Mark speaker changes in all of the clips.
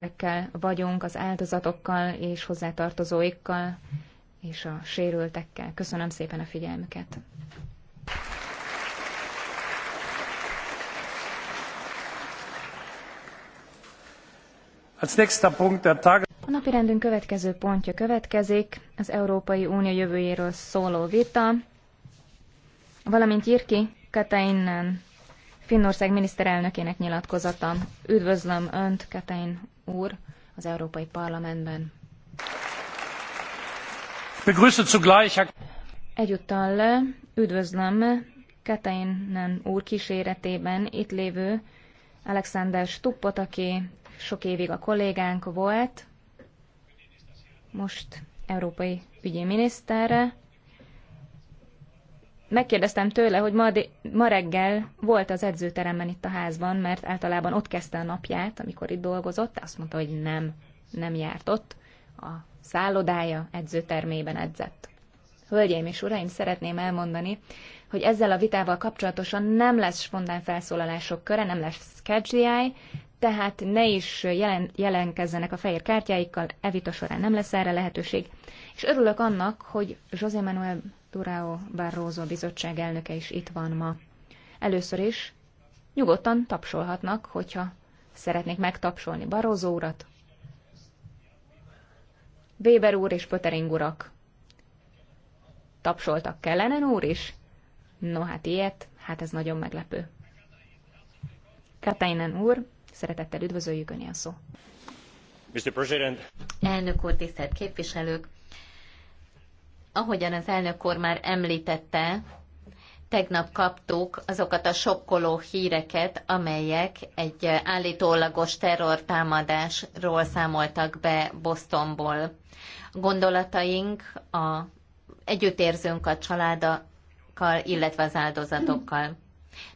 Speaker 1: emberekkel vagyunk, az áldozatokkal és hozzátartozóikkal és a sérültekkel. Köszönöm szépen a figyelmüket! A napirendünk következő pontja következik, az Európai Unió jövőjéről szóló vita, valamint Jirki Katainen Finnország miniszterelnökének nyilatkozata. Üdvözlöm Önt, Katain úr az Európai Parlamentben. Egyúttal üdvözlöm Katainen úr kíséretében itt lévő Alexander Stuppot, aki sok évig a kollégánk volt, most európai ügyi miniszterre megkérdeztem tőle, hogy ma, ma reggel volt az edzőteremben itt a házban, mert általában ott kezdte a napját, amikor itt dolgozott, azt mondta, hogy nem, nem járt ott, a szállodája edzőtermében edzett. Hölgyeim és uraim, szeretném elmondani, hogy ezzel a vitával kapcsolatosan nem lesz spontán felszólalások köre, nem lesz sketchy tehát ne is jelen, jelenkezzenek a fehér kártyáikkal, evita során nem lesz erre lehetőség és örülök annak, hogy José Manuel Durao Barroso bizottság elnöke is itt van ma. Először is nyugodtan tapsolhatnak, hogyha szeretnék megtapsolni Barroso urat. Weber úr és Pötering urak. Tapsoltak kellene úr is? No hát ilyet, hát ez nagyon meglepő. Katainen úr, szeretettel üdvözöljük Önél szó.
Speaker 2: Mr. President.
Speaker 3: Elnök úr, tisztelt képviselők! ahogyan az elnök úr már említette, tegnap kaptuk azokat a sokkoló híreket, amelyek egy állítólagos terrortámadásról számoltak be Bostonból. Gondolataink, a, együttérzünk a családokkal, illetve az áldozatokkal.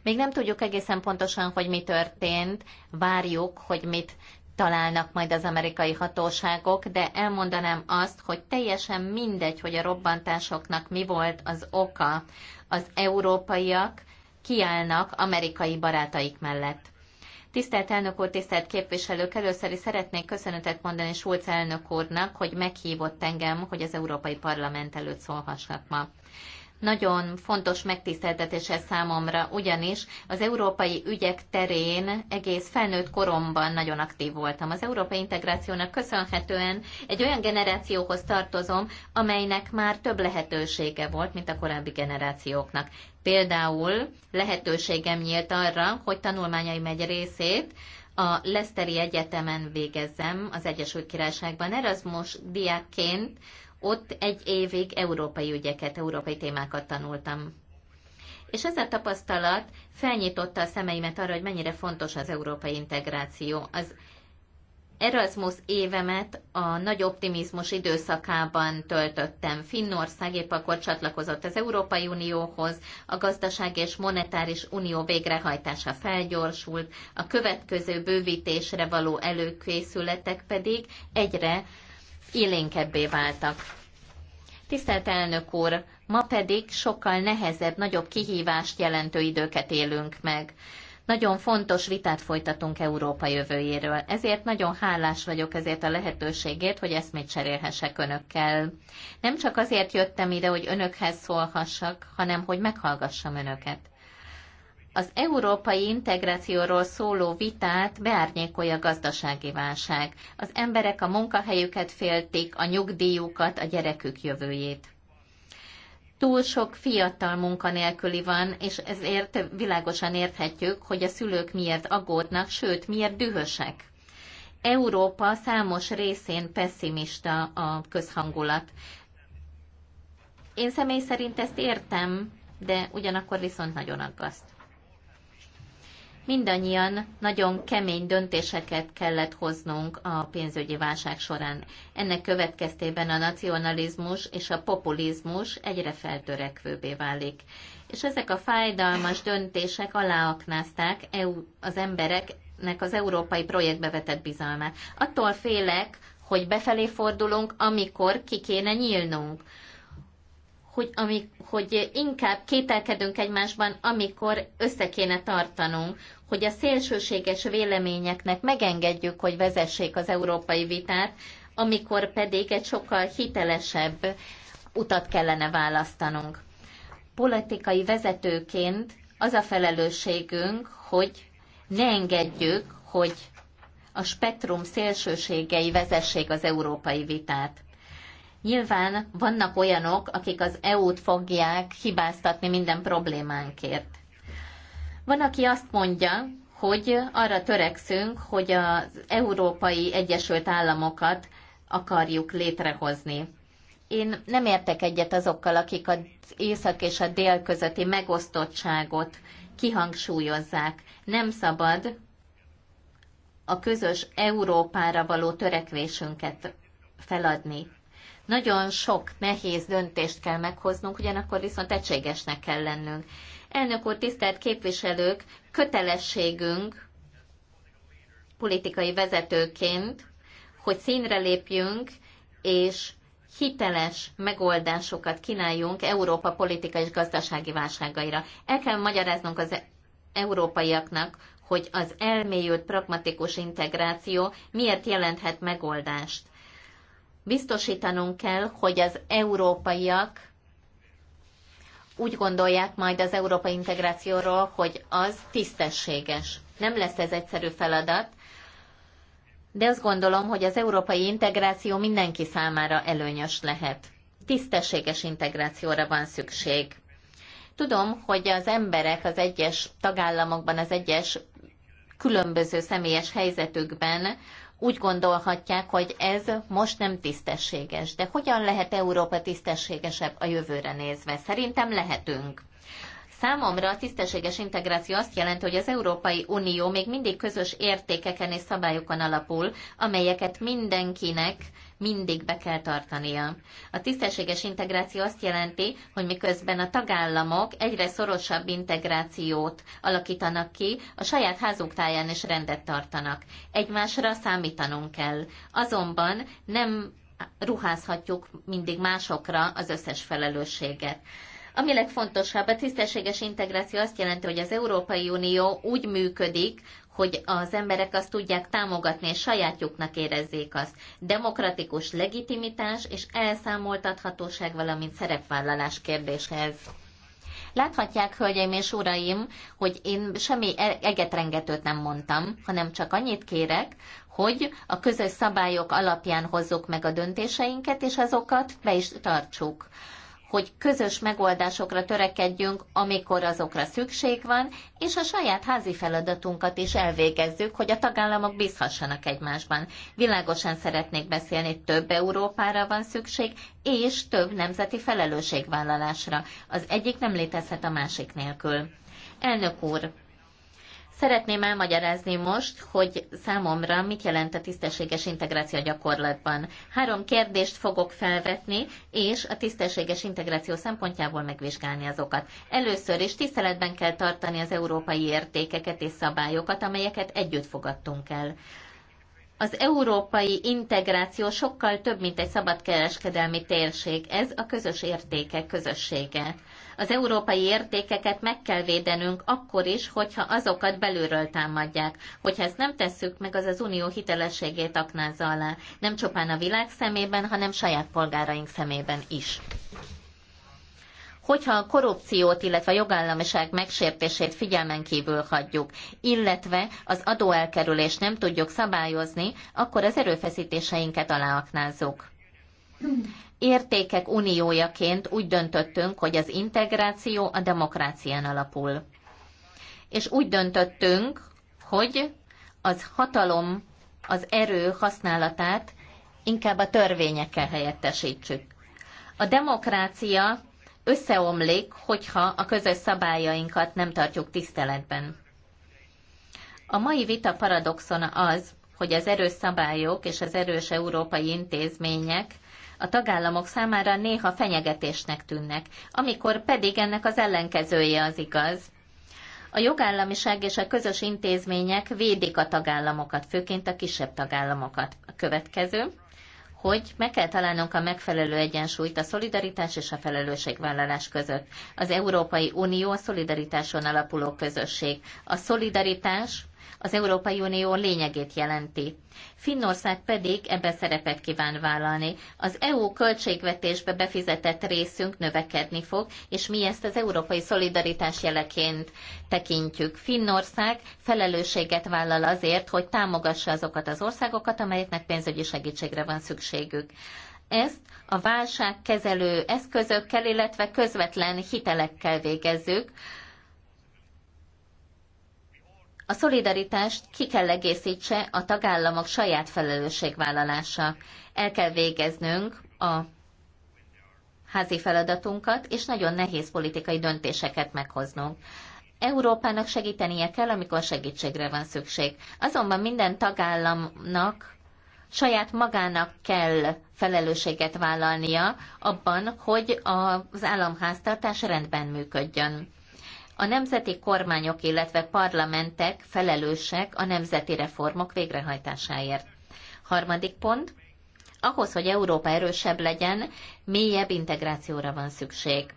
Speaker 3: Még nem tudjuk egészen pontosan, hogy mi történt, várjuk, hogy mit találnak majd az amerikai hatóságok, de elmondanám azt, hogy teljesen mindegy, hogy a robbantásoknak mi volt az oka. Az európaiak kiállnak amerikai barátaik mellett. Tisztelt elnök úr, tisztelt képviselők, először is szeretnék köszönetet mondani Schulz elnök úrnak, hogy meghívott engem, hogy az Európai Parlament előtt szólhassak ma nagyon fontos megtiszteltetése számomra, ugyanis az európai ügyek terén egész felnőtt koromban nagyon aktív voltam. Az európai integrációnak köszönhetően egy olyan generációhoz tartozom, amelynek már több lehetősége volt, mint a korábbi generációknak. Például lehetőségem nyílt arra, hogy tanulmányaim egy részét a Leszteri Egyetemen végezzem az Egyesült Királyságban Erasmus diákként, ott egy évig európai ügyeket, európai témákat tanultam. És ez a tapasztalat felnyitotta a szemeimet arra, hogy mennyire fontos az európai integráció. Az Erasmus évemet a nagy optimizmus időszakában töltöttem. Finnország épp akkor csatlakozott az Európai Unióhoz, a gazdaság és monetáris unió végrehajtása felgyorsult, a következő bővítésre való előkészületek pedig egyre élénkebbé váltak. Tisztelt elnök úr, ma pedig sokkal nehezebb, nagyobb kihívást jelentő időket élünk meg. Nagyon fontos vitát folytatunk Európa jövőjéről, ezért nagyon hálás vagyok ezért a lehetőségért, hogy eszmét cserélhessek önökkel. Nem csak azért jöttem ide, hogy önökhez szólhassak, hanem hogy meghallgassam önöket az európai integrációról szóló vitát beárnyékolja a gazdasági válság. Az emberek a munkahelyüket féltik, a nyugdíjukat, a gyerekük jövőjét. Túl sok fiatal munkanélküli van, és ezért világosan érthetjük, hogy a szülők miért aggódnak, sőt, miért dühösek. Európa számos részén pessimista a közhangulat. Én személy szerint ezt értem, de ugyanakkor viszont nagyon aggaszt mindannyian nagyon kemény döntéseket kellett hoznunk a pénzügyi válság során. Ennek következtében a nacionalizmus és a populizmus egyre feltörekvőbbé válik. És ezek a fájdalmas döntések aláaknázták az embereknek az európai projektbe vetett bizalmát. Attól félek, hogy befelé fordulunk, amikor ki kéne nyílnunk hogy, amik, hogy inkább kételkedünk egymásban, amikor össze kéne tartanunk, hogy a szélsőséges véleményeknek megengedjük, hogy vezessék az európai vitát, amikor pedig egy sokkal hitelesebb utat kellene választanunk. Politikai vezetőként az a felelősségünk, hogy ne engedjük, hogy a spektrum szélsőségei vezessék az európai vitát. Nyilván vannak olyanok, akik az EU-t fogják hibáztatni minden problémánkért. Van, aki azt mondja, hogy arra törekszünk, hogy az Európai Egyesült Államokat akarjuk létrehozni. Én nem értek egyet azokkal, akik az észak és a dél közötti megosztottságot kihangsúlyozzák. Nem szabad a közös Európára való törekvésünket feladni. Nagyon sok nehéz döntést kell meghoznunk, ugyanakkor viszont egységesnek kell lennünk. Elnök úr, tisztelt képviselők, kötelességünk politikai vezetőként, hogy színre lépjünk, és hiteles megoldásokat kínáljunk Európa politikai és gazdasági válságaira. El kell magyaráznunk az európaiaknak, hogy az elmélyült pragmatikus integráció miért jelenthet megoldást. Biztosítanunk kell, hogy az európaiak úgy gondolják majd az európai integrációról, hogy az tisztességes. Nem lesz ez egyszerű feladat, de azt gondolom, hogy az európai integráció mindenki számára előnyös lehet. Tisztességes integrációra van szükség. Tudom, hogy az emberek az egyes tagállamokban, az egyes különböző személyes helyzetükben úgy gondolhatják, hogy ez most nem tisztességes. De hogyan lehet Európa tisztességesebb a jövőre nézve? Szerintem lehetünk. Számomra a tisztességes integráció azt jelenti, hogy az Európai Unió még mindig közös értékeken és szabályokon alapul, amelyeket mindenkinek mindig be kell tartania. A tisztességes integráció azt jelenti, hogy miközben a tagállamok egyre szorosabb integrációt alakítanak ki, a saját házuk táján is rendet tartanak. Egymásra számítanunk kell. Azonban nem ruházhatjuk mindig másokra az összes felelősséget. Ami legfontosabb, a tisztességes integráció azt jelenti, hogy az Európai Unió úgy működik, hogy az emberek azt tudják támogatni, és sajátjuknak érezzék azt. Demokratikus legitimitás és elszámoltathatóság, valamint szerepvállalás kérdéshez. Láthatják, hölgyeim és uraim, hogy én semmi egetrengetőt nem mondtam, hanem csak annyit kérek, hogy a közös szabályok alapján hozzuk meg a döntéseinket, és azokat be is tartsuk hogy közös megoldásokra törekedjünk, amikor azokra szükség van, és a saját házi feladatunkat is elvégezzük, hogy a tagállamok bízhassanak egymásban. Világosan szeretnék beszélni, több Európára van szükség, és több nemzeti felelősségvállalásra. Az egyik nem létezhet a másik nélkül. Elnök úr, Szeretném elmagyarázni most, hogy számomra mit jelent a tisztességes integráció gyakorlatban. Három kérdést fogok felvetni, és a tisztességes integráció szempontjából megvizsgálni azokat. Először is tiszteletben kell tartani az európai értékeket és szabályokat, amelyeket együtt fogadtunk el. Az európai integráció sokkal több, mint egy szabadkereskedelmi térség. Ez a közös értékek közössége. Az európai értékeket meg kell védenünk akkor is, hogyha azokat belülről támadják. Hogyha ezt nem tesszük meg, az az unió hitelességét aknázza alá. Nem csupán a világ szemében, hanem saját polgáraink szemében is hogyha a korrupciót, illetve a jogállamiság megsértését figyelmen kívül hagyjuk, illetve az adóelkerülést nem tudjuk szabályozni, akkor az erőfeszítéseinket aláaknázzuk értékek uniójaként úgy döntöttünk, hogy az integráció a demokrácián alapul. És úgy döntöttünk, hogy az hatalom, az erő használatát inkább a törvényekkel helyettesítsük. A demokrácia összeomlik, hogyha a közös szabályainkat nem tartjuk tiszteletben. A mai vita paradoxona az, hogy az erős szabályok és az erős európai intézmények a tagállamok számára néha fenyegetésnek tűnnek, amikor pedig ennek az ellenkezője az igaz. A jogállamiság és a közös intézmények védik a tagállamokat, főként a kisebb tagállamokat. A következő, hogy meg kell találnunk a megfelelő egyensúlyt a szolidaritás és a felelősségvállalás között. Az Európai Unió a szolidaritáson alapuló közösség. A szolidaritás az Európai Unió lényegét jelenti. Finnország pedig ebben szerepet kíván vállalni. Az EU költségvetésbe befizetett részünk növekedni fog, és mi ezt az európai szolidaritás jeleként tekintjük. Finnország felelősséget vállal azért, hogy támogassa azokat az országokat, amelyeknek pénzügyi segítségre van szükségük. Ezt a válságkezelő eszközökkel, illetve közvetlen hitelekkel végezzük, a szolidaritást ki kell egészítse a tagállamok saját felelősségvállalása. El kell végeznünk a házi feladatunkat, és nagyon nehéz politikai döntéseket meghoznunk. Európának segítenie kell, amikor segítségre van szükség. Azonban minden tagállamnak saját magának kell felelősséget vállalnia abban, hogy az államháztartás rendben működjön. A nemzeti kormányok, illetve parlamentek felelősek a nemzeti reformok végrehajtásáért. Harmadik pont. Ahhoz, hogy Európa erősebb legyen, mélyebb integrációra van szükség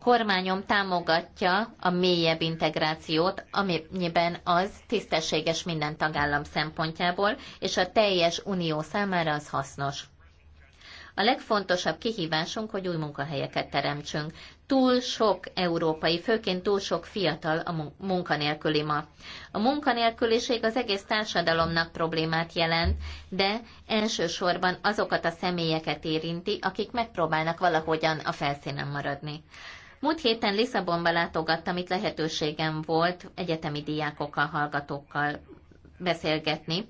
Speaker 3: kormányom támogatja a mélyebb integrációt, amiben az tisztességes minden tagállam szempontjából, és a teljes unió számára az hasznos. A legfontosabb kihívásunk, hogy új munkahelyeket teremtsünk túl sok európai, főként túl sok fiatal a munkanélküli ma. A munkanélküliség az egész társadalomnak problémát jelent, de elsősorban azokat a személyeket érinti, akik megpróbálnak valahogyan a felszínen maradni. Múlt héten Lisszabonba látogattam, itt lehetőségem volt egyetemi diákokkal, hallgatókkal beszélgetni,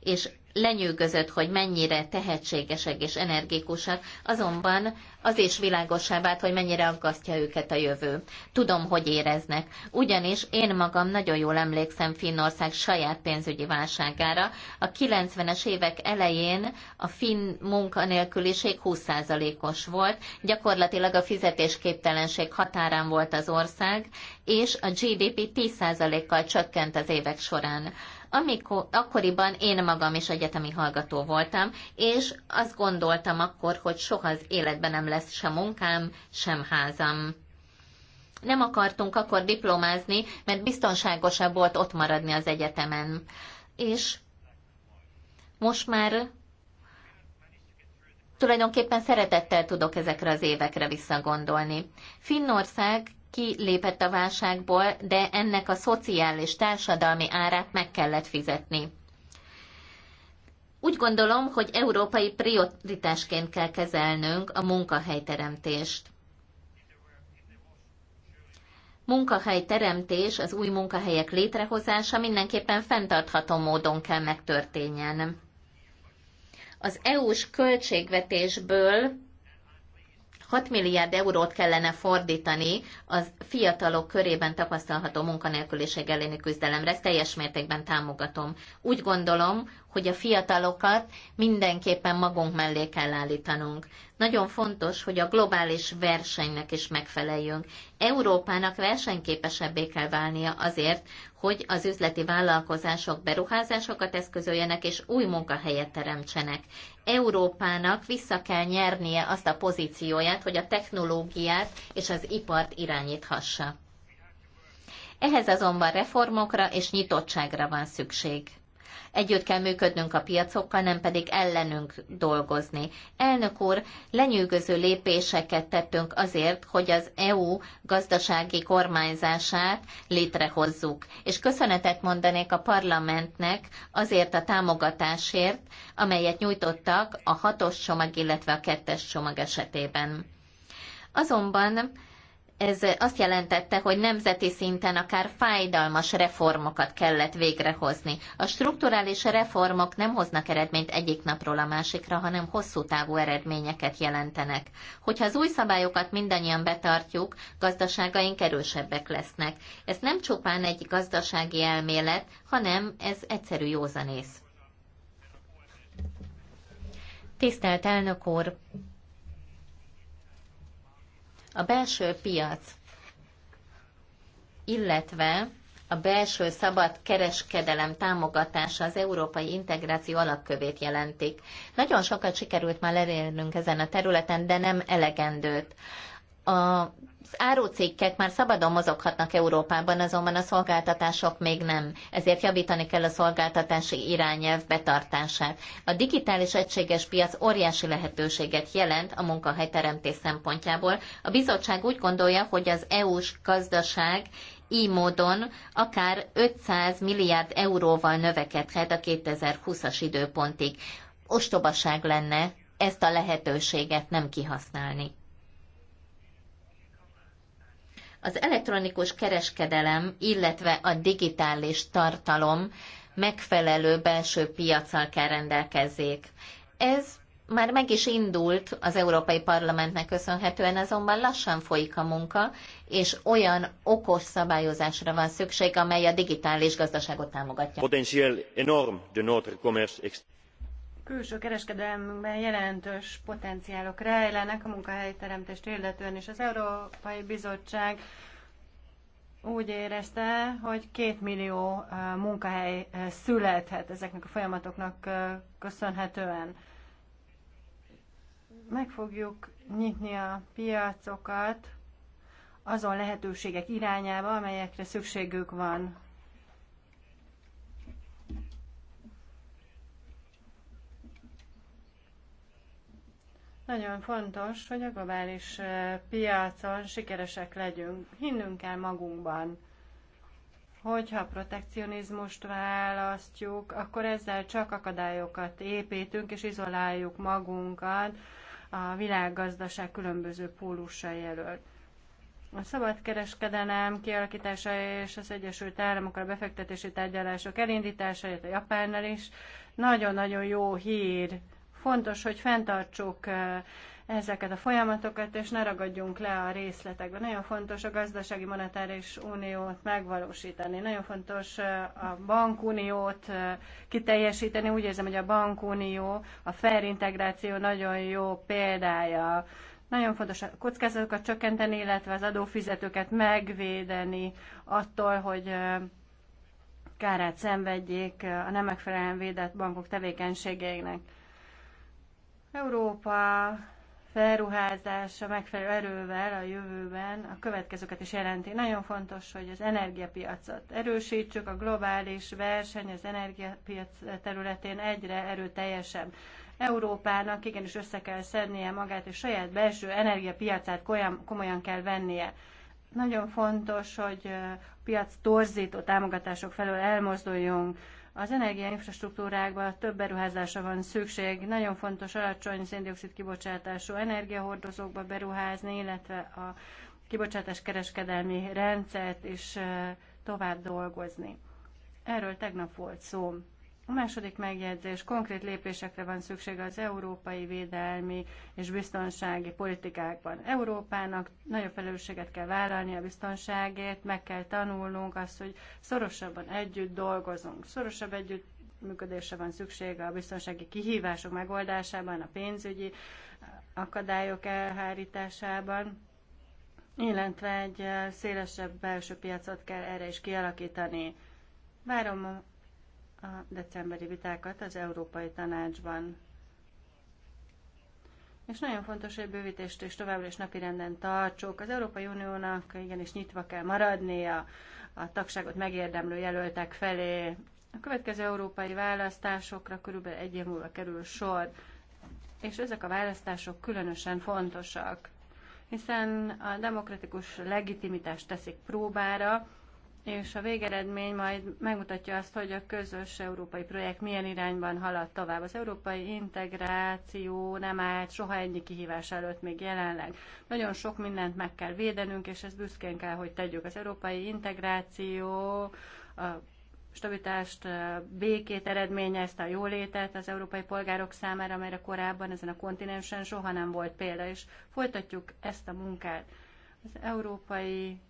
Speaker 3: és lenyűgözött, hogy mennyire tehetségesek és energikusak, azonban az is világosá vált, hogy mennyire aggasztja őket a jövő. Tudom, hogy éreznek. Ugyanis én magam nagyon jól emlékszem Finnország saját pénzügyi válságára. A 90-es évek elején a finn munkanélküliség 20%-os volt, gyakorlatilag a fizetésképtelenség határán volt az ország, és a GDP 10%-kal csökkent az évek során amikor, akkoriban én magam is egyetemi hallgató voltam, és azt gondoltam akkor, hogy soha az életben nem lesz sem munkám, sem házam. Nem akartunk akkor diplomázni, mert biztonságosabb volt ott maradni az egyetemen. És most már tulajdonképpen szeretettel tudok ezekre az évekre visszagondolni. Finnország kilépett a válságból, de ennek a szociális, társadalmi árát meg kellett fizetni. Úgy gondolom, hogy európai prioritásként kell kezelnünk a munkahelyteremtést. Munkahelyteremtés, az új munkahelyek létrehozása mindenképpen fenntartható módon kell megtörténjen. Az EU-s költségvetésből 6 milliárd eurót kellene fordítani az fiatalok körében tapasztalható munkanélküliség elleni küzdelemre. Ezt teljes mértékben támogatom. Úgy gondolom, hogy a fiatalokat mindenképpen magunk mellé kell állítanunk. Nagyon fontos, hogy a globális versenynek is megfeleljünk. Európának versenyképesebbé kell válnia azért, hogy az üzleti vállalkozások beruházásokat eszközöljenek és új munkahelyet teremtsenek. Európának vissza kell nyernie azt a pozícióját, hogy a technológiát és az ipart irányíthassa. Ehhez azonban reformokra és nyitottságra van szükség. Együtt kell működnünk a piacokkal, nem pedig ellenünk dolgozni. Elnök úr, lenyűgöző lépéseket tettünk azért, hogy az EU gazdasági kormányzását létrehozzuk. És köszönetet mondanék a parlamentnek azért a támogatásért, amelyet nyújtottak a hatos csomag, illetve a kettes csomag esetében. Azonban ez azt jelentette, hogy nemzeti szinten akár fájdalmas reformokat kellett végrehozni. A strukturális reformok nem hoznak eredményt egyik napról a másikra, hanem hosszú távú eredményeket jelentenek. Hogyha az új szabályokat mindannyian betartjuk, gazdaságaink erősebbek lesznek. Ez nem csupán egy gazdasági elmélet, hanem ez egyszerű józanész. Tisztelt elnök úr! A belső piac, illetve a belső szabad kereskedelem támogatása az európai integráció alapkövét jelentik. Nagyon sokat sikerült már elérnünk ezen a területen, de nem elegendőt az árucikkek már szabadon mozoghatnak Európában, azonban a szolgáltatások még nem. Ezért javítani kell a szolgáltatási irányelv betartását. A digitális egységes piac óriási lehetőséget jelent a munkahelyteremtés szempontjából. A bizottság úgy gondolja, hogy az EU-s gazdaság így módon akár 500 milliárd euróval növekedhet a 2020-as időpontig. Ostobaság lenne ezt a lehetőséget nem kihasználni az elektronikus kereskedelem, illetve a digitális tartalom megfelelő belső piacsal kell rendelkezzék. Ez már meg is indult az Európai Parlamentnek köszönhetően, azonban lassan folyik a munka, és olyan okos szabályozásra van szükség, amely a digitális gazdaságot támogatja.
Speaker 2: enorm de notre commerce
Speaker 4: külső Kereskedelemben jelentős potenciálok rejlenek a munkahelyteremtést illetően, és az Európai Bizottság úgy érezte, hogy két millió munkahely születhet ezeknek a folyamatoknak köszönhetően. Meg fogjuk nyitni a piacokat azon lehetőségek irányába, amelyekre szükségük van Nagyon fontos, hogy a globális piacon sikeresek legyünk. Hinnünk kell magunkban. Hogyha protekcionizmust választjuk, akkor ezzel csak akadályokat építünk és izoláljuk magunkat a világgazdaság különböző pólusai elől. A szabadkereskedelem kialakítása és az Egyesült államokra befektetési tárgyalások elindítása, a Japánnal is nagyon-nagyon jó hír Fontos, hogy fenntartsuk ezeket a folyamatokat, és ne ragadjunk le a részletekbe. Nagyon fontos a gazdasági monetáris uniót megvalósítani, nagyon fontos a bankuniót kiteljesíteni. Úgy érzem, hogy a bankunió, a fair integráció nagyon jó példája. Nagyon fontos a kockázatokat csökkenteni, illetve az adófizetőket megvédeni attól, hogy kárát szenvedjék a nem megfelelően védett bankok tevékenységeinek. Európa felruházása megfelelő erővel a jövőben a következőket is jelenti. Nagyon fontos, hogy az energiapiacot erősítsük, a globális verseny az energiapiac területén egyre erőteljesebb. Európának igenis össze kell szednie magát, és saját belső energiapiacát komolyan kell vennie. Nagyon fontos, hogy a piac torzító támogatások felől elmozduljunk, az energiainfrastruktúrákban több beruházásra van szükség. Nagyon fontos alacsony széndiokszid kibocsátású energiahordozókba beruházni, illetve a kibocsátás kereskedelmi rendszert is eh, tovább dolgozni. Erről tegnap volt szó. A második megjegyzés, konkrét lépésekre van szüksége az európai védelmi és biztonsági politikákban. Európának nagyobb felelősséget kell vállalni a biztonságért, meg kell tanulnunk azt, hogy szorosabban együtt dolgozunk, szorosabb együtt működésre van szüksége a biztonsági kihívások megoldásában, a pénzügyi akadályok elhárításában, illetve egy szélesebb belső piacot kell erre is kialakítani. Várom a decemberi vitákat az Európai Tanácsban. És nagyon fontos, hogy bővítést és továbbra is napirenden tartsuk. Az Európai Uniónak igenis nyitva kell maradnia a tagságot megérdemlő jelöltek felé. A következő európai választásokra körülbelül egy év múlva kerül sor, és ezek a választások különösen fontosak, hiszen a demokratikus legitimitást teszik próbára, és a végeredmény majd megmutatja azt, hogy a közös európai projekt milyen irányban halad tovább. Az európai integráció nem állt soha ennyi kihívás előtt még jelenleg. Nagyon sok mindent meg kell védenünk, és ezt büszkén kell, hogy tegyük. Az európai integráció a stabilitást, békét eredményezte, a jólétet az európai polgárok számára, amelyre korábban ezen a kontinensen soha nem volt példa, és folytatjuk ezt a munkát. Az európai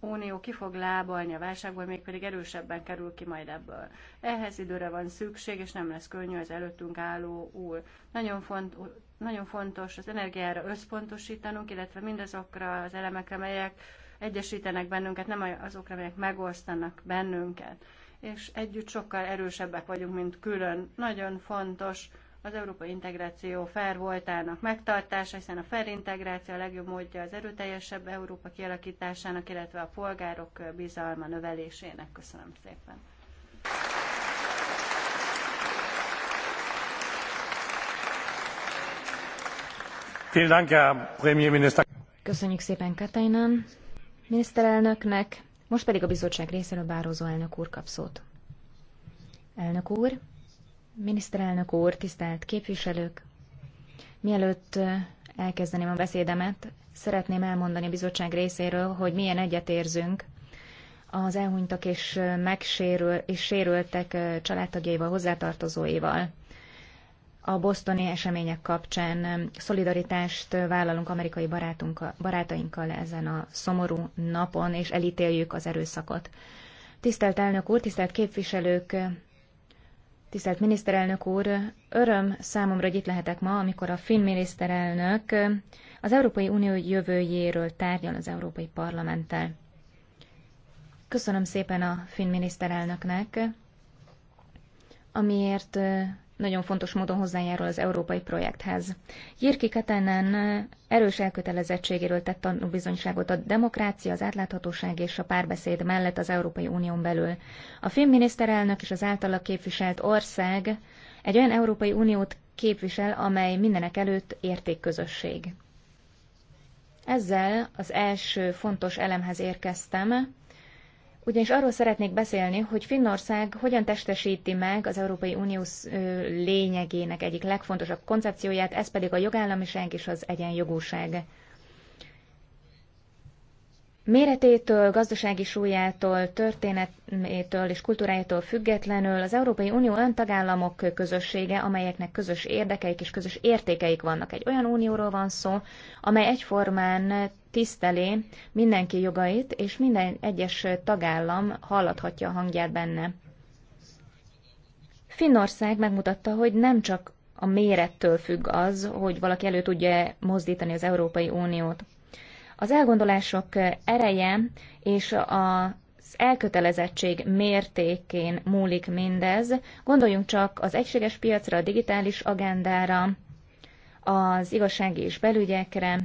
Speaker 4: Unió ki fog lábalni a válságból, mégpedig erősebben kerül ki majd ebből. Ehhez időre van szükség, és nem lesz könnyű az előttünk álló úr. Nagyon, font, nagyon fontos az energiára összpontosítanunk, illetve mindazokra az elemekre, melyek egyesítenek bennünket, nem azokra, melyek megosztanak bennünket. És együtt sokkal erősebbek vagyunk, mint külön. Nagyon fontos az európai integráció fair voltának megtartása, hiszen a fair integráció a legjobb módja az erőteljesebb Európa kialakításának, illetve a polgárok bizalma növelésének. Köszönöm szépen.
Speaker 1: Köszönjük szépen Katainan, miniszterelnöknek, most pedig a bizottság részéről Bározó elnök úr kap szót. Elnök úr, Miniszterelnök úr, tisztelt képviselők! Mielőtt elkezdeném a beszédemet, szeretném elmondani a bizottság részéről, hogy milyen egyetérzünk az elhunytak és megsérül, és sérültek családtagjaival, hozzátartozóival. A bosztoni események kapcsán szolidaritást vállalunk amerikai barátainkkal ezen a szomorú napon, és elítéljük az erőszakot. Tisztelt elnök úr, tisztelt képviselők, Tisztelt miniszterelnök úr, öröm számomra, hogy itt lehetek ma, amikor a finn miniszterelnök az Európai Unió jövőjéről tárgyal az Európai Parlamenttel. Köszönöm szépen a finn miniszterelnöknek, amiért nagyon fontos módon hozzájárul az európai projekthez. Jirki Katainen erős elkötelezettségéről tett tanúbizonyságot a demokrácia, az átláthatóság és a párbeszéd mellett az Európai Unión belül. A filmminiszterelnök és az általa képviselt ország egy olyan Európai Uniót képvisel, amely mindenek előtt értékközösség. Ezzel az első fontos elemhez érkeztem, ugyanis arról szeretnék beszélni, hogy Finnország hogyan testesíti meg az Európai Unió lényegének egyik legfontosabb koncepcióját, ez pedig a jogállamiság és az egyenjogúság. Méretétől, gazdasági súlyától, történetétől és kultúrájától függetlenül az Európai Unió olyan tagállamok közössége, amelyeknek közös érdekeik és közös értékeik vannak. Egy olyan unióról van szó, amely egyformán tiszteli mindenki jogait, és minden egyes tagállam hallathatja a hangját benne. Finnország megmutatta, hogy nem csak a mérettől függ az, hogy valaki elő tudja mozdítani az Európai Uniót. Az elgondolások ereje és a elkötelezettség mértékén múlik mindez. Gondoljunk csak az egységes piacra, a digitális agendára, az igazsági és belügyekre,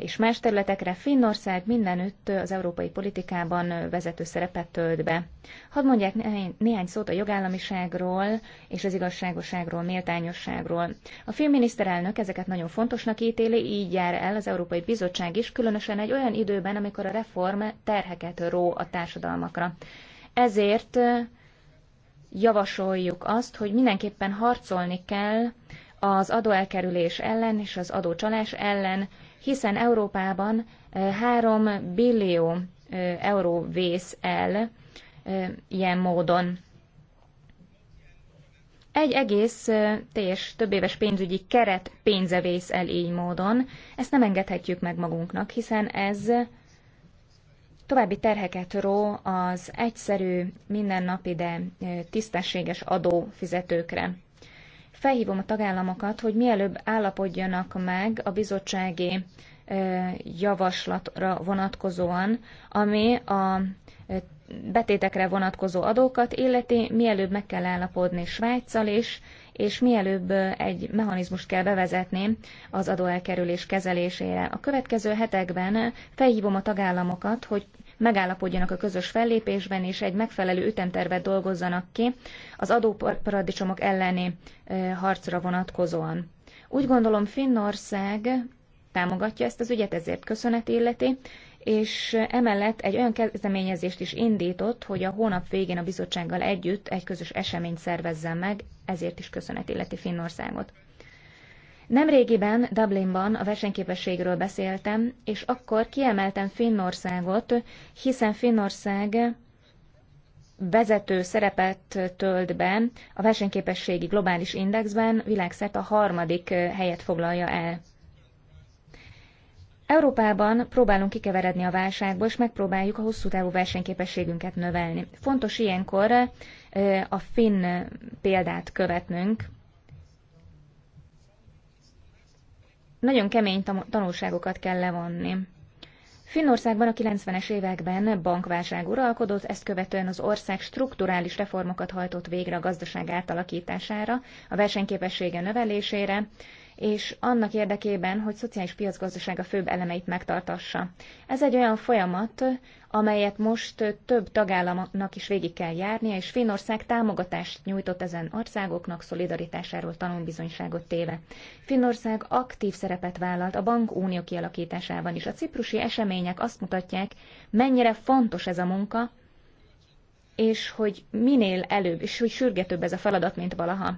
Speaker 1: és más területekre Finnország mindenütt az európai politikában vezető szerepet tölt be. Hadd mondják néhány szót a jogállamiságról és az igazságoságról, méltányosságról. A filmminiszterelnök ezeket nagyon fontosnak ítéli, így jár el az Európai Bizottság is, különösen egy olyan időben, amikor a reform terheket ró a társadalmakra. Ezért javasoljuk azt, hogy mindenképpen harcolni kell az adóelkerülés ellen és az adócsalás ellen, hiszen Európában 3 billió euró vész el ilyen módon. Egy egész teljes többéves pénzügyi keret pénze vész el így módon. Ezt nem engedhetjük meg magunknak, hiszen ez további terheket ró az egyszerű, mindennapi, de tisztességes adófizetőkre. Felhívom a tagállamokat, hogy mielőbb állapodjanak meg a bizottsági javaslatra vonatkozóan, ami a betétekre vonatkozó adókat illeti, mielőbb meg kell állapodni Svájccal is, és mielőbb egy mechanizmust kell bevezetni az adóelkerülés kezelésére. A következő hetekben felhívom a tagállamokat, hogy megállapodjanak a közös fellépésben, és egy megfelelő ütemtervet dolgozzanak ki az adóparadicsomok elleni harcra vonatkozóan. Úgy gondolom Finnország támogatja ezt az ügyet, ezért köszönet illeti, és emellett egy olyan kezdeményezést is indított, hogy a hónap végén a bizottsággal együtt egy közös eseményt szervezzen meg, ezért is köszönet illeti Finnországot. Nemrégiben Dublinban a versenyképességről beszéltem, és akkor kiemeltem Finnországot, hiszen Finnország vezető szerepet tölt be a versenyképességi globális indexben, világszerte a harmadik helyet foglalja el. Európában próbálunk kikeveredni a válságból, és megpróbáljuk a hosszú távú versenyképességünket növelni. Fontos ilyenkor a finn példát követnünk, nagyon kemény tanulságokat kell levonni. Finnországban a 90-es években bankválság uralkodott, ezt követően az ország strukturális reformokat hajtott végre a gazdaság átalakítására, a versenyképessége növelésére, és annak érdekében, hogy szociális piacgazdaság a főbb elemeit megtartassa. Ez egy olyan folyamat, amelyet most több tagállamnak is végig kell járnia, és Finnország támogatást nyújtott ezen országoknak szolidaritásáról tanulbizonyságot téve. Finnország aktív szerepet vállalt a bankunió kialakításában is. A ciprusi események azt mutatják, mennyire fontos ez a munka, és hogy minél előbb, és hogy sürgetőbb ez a feladat, mint valaha.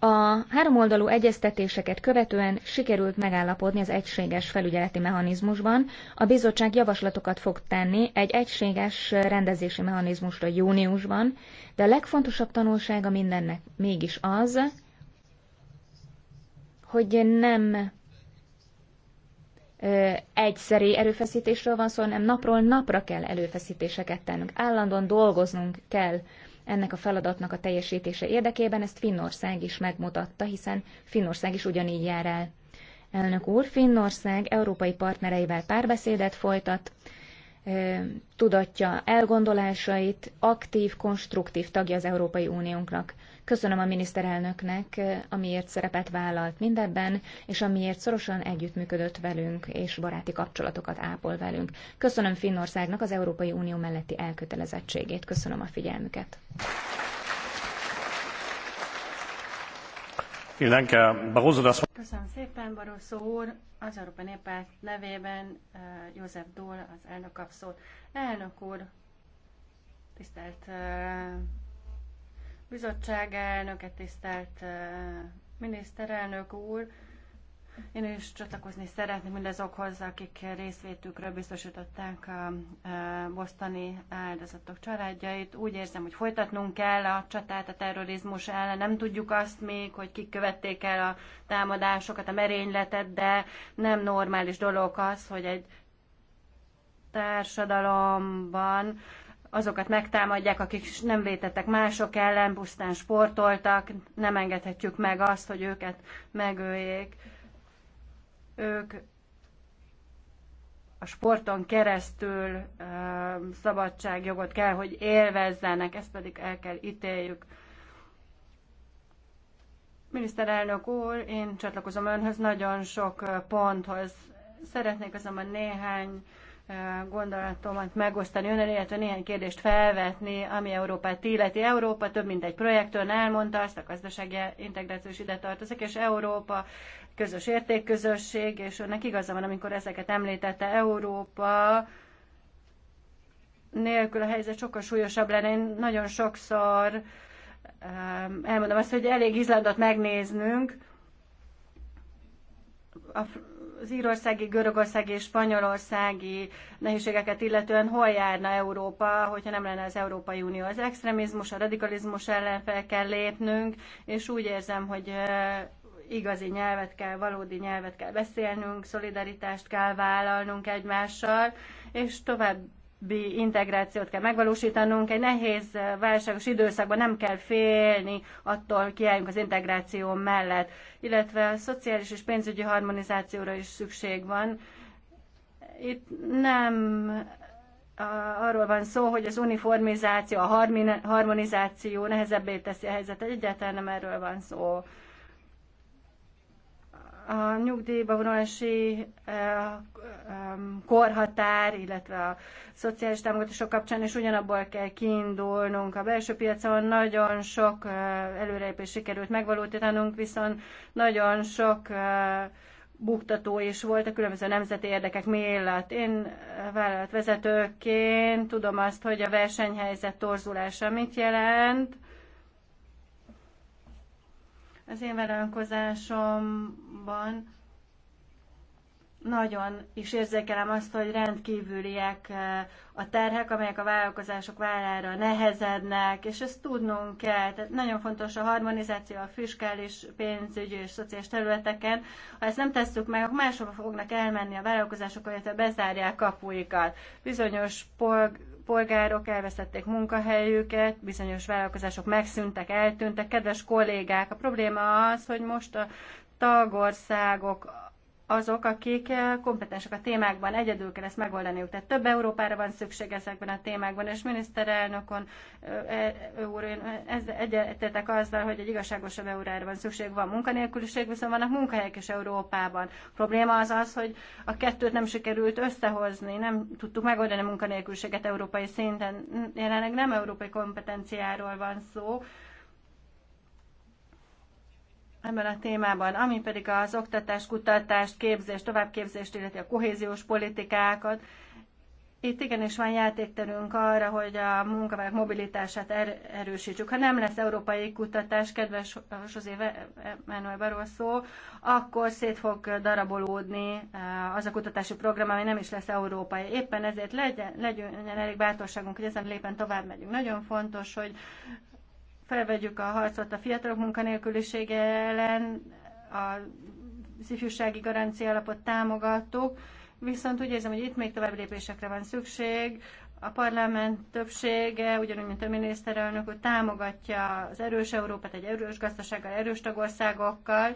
Speaker 1: A háromoldalú egyeztetéseket követően sikerült megállapodni az egységes felügyeleti mechanizmusban. A bizottság javaslatokat fog tenni egy egységes rendezési mechanizmusra júniusban, de a legfontosabb tanulsága mindennek mégis az, hogy nem egyszerű erőfeszítésről van szó, hanem napról napra kell előfeszítéseket tennünk. Állandóan dolgoznunk kell ennek a feladatnak a teljesítése érdekében, ezt Finnország is megmutatta, hiszen Finnország is ugyanígy jár el. Elnök úr, Finnország európai partnereivel párbeszédet folytat, tudatja elgondolásait, aktív, konstruktív tagja az Európai Uniónknak. Köszönöm a miniszterelnöknek, eh, amiért szerepet vállalt mindebben, és amiért szorosan együttműködött velünk, és baráti kapcsolatokat ápol velünk. Köszönöm Finnországnak az Európai Unió melletti elkötelezettségét. Köszönöm a figyelmüket.
Speaker 4: Köszönöm szépen, Barosz úr. Az Európa Néppárt nevében eh, József Dól, az elnök kap szót. Elnök úr, tisztelt eh, bizottság elnöke, tisztelt miniszterelnök úr! Én is csatlakozni szeretnék mindazokhoz, akik részvétükről biztosították a bosztani áldozatok családjait. Úgy érzem, hogy folytatnunk kell a csatát a terrorizmus ellen. Nem tudjuk azt még, hogy kik követték el a támadásokat, a merényletet, de nem normális dolog az, hogy egy társadalomban azokat megtámadják, akik nem vétettek mások ellen, pusztán sportoltak, nem engedhetjük meg azt, hogy őket megöljék. Ők a sporton keresztül uh, szabadságjogot kell, hogy élvezzenek, ezt pedig el kell ítéljük. Miniszterelnök úr, én csatlakozom önhöz nagyon sok ponthoz. Szeretnék azonban néhány gondolatomat megosztani önnel, illetve néhány kérdést felvetni, ami Európát illeti. Európa több mint egy projektől elmondta, azt a gazdasági integrációs ide tartozik, és Európa közös értékközösség, és önnek igaza van, amikor ezeket említette Európa, nélkül a helyzet sokkal súlyosabb lenne. Én nagyon sokszor elmondom azt, hogy elég Izlandot megnéznünk, a az írországi, görögországi és spanyolországi nehézségeket illetően hol járna Európa, hogyha nem lenne az Európai Unió. Az extremizmus, a radikalizmus ellen fel kell lépnünk, és úgy érzem, hogy igazi nyelvet kell, valódi nyelvet kell beszélnünk, szolidaritást kell vállalnunk egymással, és tovább integrációt kell megvalósítanunk. Egy nehéz válságos időszakban nem kell félni attól, hogy kiálljunk az integráció mellett, illetve a szociális és pénzügyi harmonizációra is szükség van. Itt nem arról van szó, hogy az uniformizáció, a harmonizáció nehezebbé teszi a helyzetet, egyáltalán nem erről van szó a nyugdíjba vonulási eh, korhatár, illetve a szociális támogatások kapcsán is ugyanabból kell kiindulnunk. A belső piacon nagyon sok eh, előrelépés sikerült megvalósítanunk, viszont nagyon sok eh, buktató is volt a különböző nemzeti érdekek mélyett. Én vállalatvezetőként tudom azt, hogy a versenyhelyzet torzulása mit jelent, az én vállalkozásomban nagyon is érzékelem azt, hogy rendkívüliek eh, a terhek, amelyek a vállalkozások vállára nehezednek, és ezt tudnunk kell. Tehát nagyon fontos a harmonizáció a fiskális, pénzügyi és szociális területeken. Ha ezt nem tesszük meg, akkor máshova fognak elmenni a vállalkozások, illetve bezárják kapuikat. Bizonyos polg- polgárok elvesztették munkahelyüket, bizonyos vállalkozások megszűntek, eltűntek. Kedves kollégák, a probléma az, hogy most a tagországok azok, akik eh, kompetensek a témákban, egyedül kell ezt megoldaniuk. Tehát több Európára van szükség ezekben a témákban, és miniszterelnökön eh, eh, úr, én egyetetek azzal, hogy egy igazságosabb Európára van szükség. Van munkanélküliség, viszont vannak munkahelyek is Európában. A probléma az az, hogy a kettőt nem sikerült összehozni, nem tudtuk megoldani a munkanélküliséget európai szinten. Jelenleg nem európai kompetenciáról van szó, ebben a témában, ami pedig az oktatás, kutatást, képzést, továbbképzést, illetve a kohéziós politikákat. Itt igenis van játékterünk arra, hogy a munkavállalók mobilitását er- erősítsük. Ha nem lesz európai kutatás, kedves José Manuel Barroso, akkor szét fog darabolódni e, az a kutatási program, ami nem is lesz európai. Éppen ezért legyen, legyen elég bátorságunk, hogy ezen lépen tovább megyünk. Nagyon fontos, hogy felvegyük a harcot a fiatalok munkanélkülisége ellen, a ifjúsági garancia alapot támogattuk, viszont úgy érzem, hogy itt még tovább lépésekre van szükség. A parlament többsége, ugyanúgy, mint a miniszterelnök, támogatja az erős Európát egy erős gazdasággal, erős tagországokkal,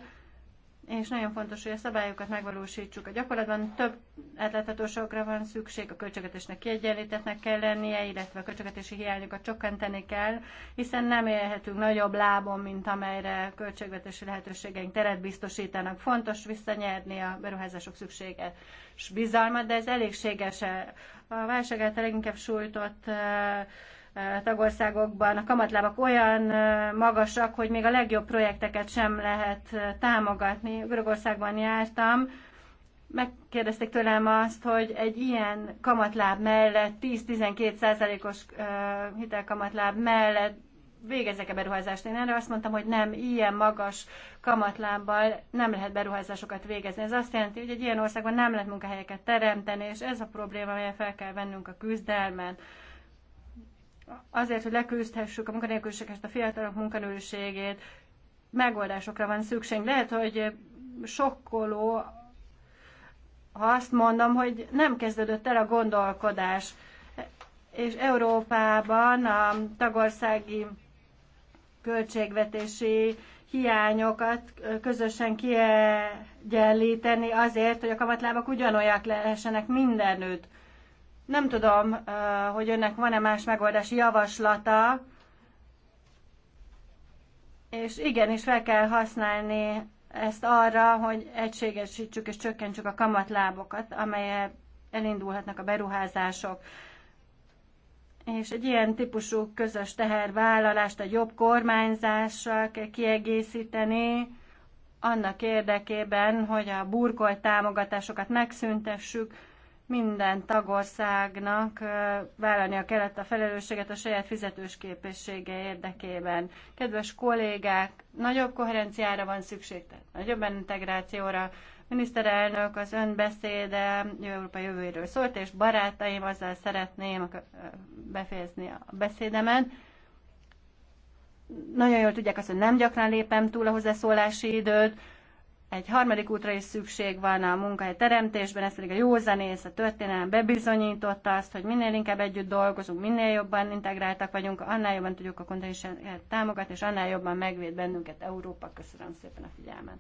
Speaker 4: és nagyon fontos, hogy a szabályokat megvalósítsuk a gyakorlatban. Több átláthatóságra van szükség, a költségetésnek kiegyenlítetnek kell lennie, illetve a költségetési hiányokat csökkenteni kell, hiszen nem élhetünk nagyobb lábon, mint amelyre költségvetési lehetőségeink teret biztosítanak. Fontos visszanyerni a beruházások és bizalmat, de ez elégséges. -e? A válság által leginkább sújtott uh, tagországokban a kamatlábak olyan magasak, hogy még a legjobb projekteket sem lehet támogatni. Görögországban jártam, megkérdezték tőlem azt, hogy egy ilyen kamatláb mellett, 10-12 százalékos hitelkamatláb mellett végezek-e beruházást. Én erre azt mondtam, hogy nem, ilyen magas kamatlábbal nem lehet beruházásokat végezni. Ez azt jelenti, hogy egy ilyen országban nem lehet munkahelyeket teremteni, és ez a probléma, amelyet fel kell vennünk a küzdelmet azért, hogy leküzdhessük a munkanélküliséget, a fiatalok munkanőrségét, megoldásokra van szükség. Lehet, hogy sokkoló, ha azt mondom, hogy nem kezdődött el a gondolkodás, és Európában a tagországi költségvetési hiányokat közösen kiegyenlíteni azért, hogy a kamatlábak ugyanolyak lehessenek mindenütt. Nem tudom, hogy önnek van-e más megoldási javaslata, és igenis fel kell használni ezt arra, hogy egységesítsük és csökkentsük a kamatlábokat, amelyek elindulhatnak a beruházások. És egy ilyen típusú közös tehervállalást a jobb kormányzással kell kiegészíteni, annak érdekében, hogy a burkolt támogatásokat megszüntessük, minden tagországnak vállalnia kellett a felelősséget a saját fizetős képessége érdekében. Kedves kollégák, nagyobb koherenciára van szükség, tehát nagyobb integrációra. Miniszterelnök az ön beszéde Európa jövőjéről szólt, és barátaim, azzal szeretném befejezni a beszédemen. Nagyon jól tudják azt, hogy nem gyakran lépem túl a hozzászólási időt, egy harmadik útra is szükség van a munkahely teremtésben, ez pedig a jó zenész, a történelem bebizonyította azt, hogy minél inkább együtt dolgozunk, minél jobban integráltak vagyunk, annál jobban tudjuk a kontinenset támogatni, és annál jobban megvéd bennünket Európa. Köszönöm szépen a figyelmet!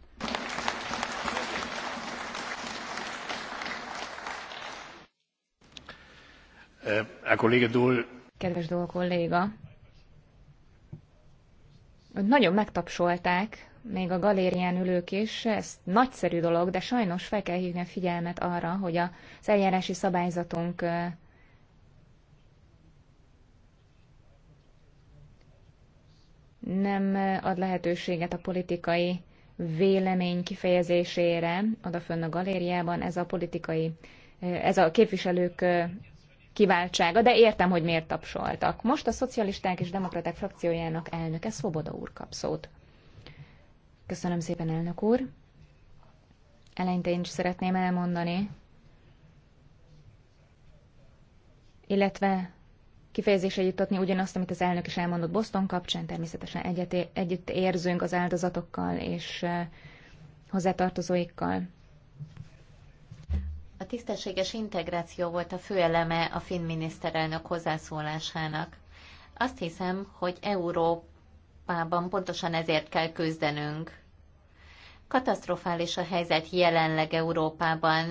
Speaker 2: Eh, a kolléga Dól...
Speaker 4: Kedves Dól kolléga,
Speaker 1: nagyon megtapsolták még a galérián ülők is, ez nagyszerű dolog, de sajnos fel kell hívni a figyelmet arra, hogy az eljárási szabályzatunk nem ad lehetőséget a politikai vélemény kifejezésére odafönn a galériában, ez a politikai, ez a képviselők kiváltsága, de értem, hogy miért tapsoltak. Most a szocialisták és demokraták frakciójának elnöke Szoboda úr kap szót. Köszönöm szépen, elnök úr. Eleinte én is szeretném elmondani, illetve kifejezésre juttatni ugyanazt, amit az elnök is elmondott Boston kapcsán, természetesen egyet, együtt érzünk az áldozatokkal és eh, hozzátartozóikkal.
Speaker 3: A tisztességes integráció volt a fő eleme a finn miniszterelnök hozzászólásának. Azt hiszem, hogy Európában pontosan ezért kell küzdenünk. Katasztrofális a helyzet jelenleg Európában.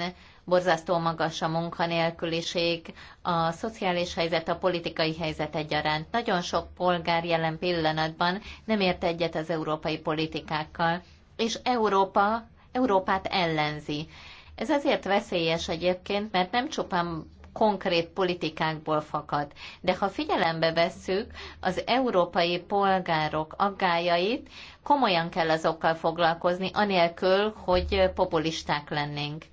Speaker 3: Borzasztó magas a munkanélküliség, a szociális helyzet, a politikai helyzet egyaránt. Nagyon sok polgár jelen pillanatban nem ért egyet az európai politikákkal, és Európa Európát ellenzi. Ez azért veszélyes egyébként, mert nem csupán konkrét politikákból fakad. De ha figyelembe vesszük az európai polgárok aggájait, komolyan kell azokkal foglalkozni, anélkül, hogy populisták lennénk.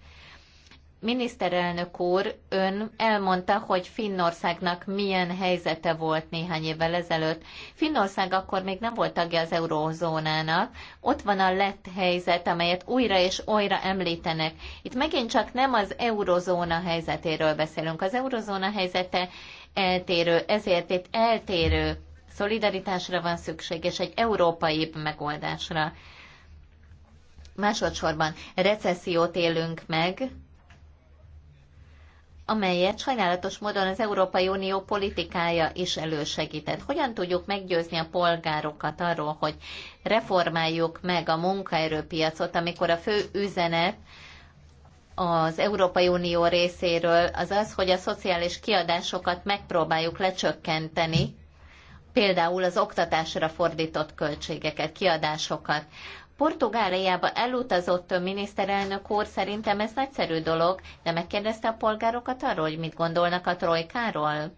Speaker 3: Miniszterelnök úr, ön elmondta, hogy Finnországnak milyen helyzete volt néhány évvel ezelőtt. Finnország akkor még nem volt tagja az eurózónának. Ott van a lett helyzet, amelyet újra és újra említenek. Itt megint csak nem az eurozóna helyzetéről beszélünk. Az eurozóna helyzete eltérő, ezért itt eltérő szolidaritásra van szükség, és egy európai megoldásra. Másodszorban recessziót élünk meg, amelyet sajnálatos módon az Európai Unió politikája is elősegített. Hogyan tudjuk meggyőzni a polgárokat arról, hogy reformáljuk meg a munkaerőpiacot, amikor a fő üzenet az Európai Unió részéről az az, hogy a szociális kiadásokat megpróbáljuk lecsökkenteni, például az oktatásra fordított költségeket, kiadásokat. Portugáliába elutazott miniszterelnök úr szerintem ez nagyszerű dolog, de megkérdezte a polgárokat arról, hogy mit gondolnak a trojkáról?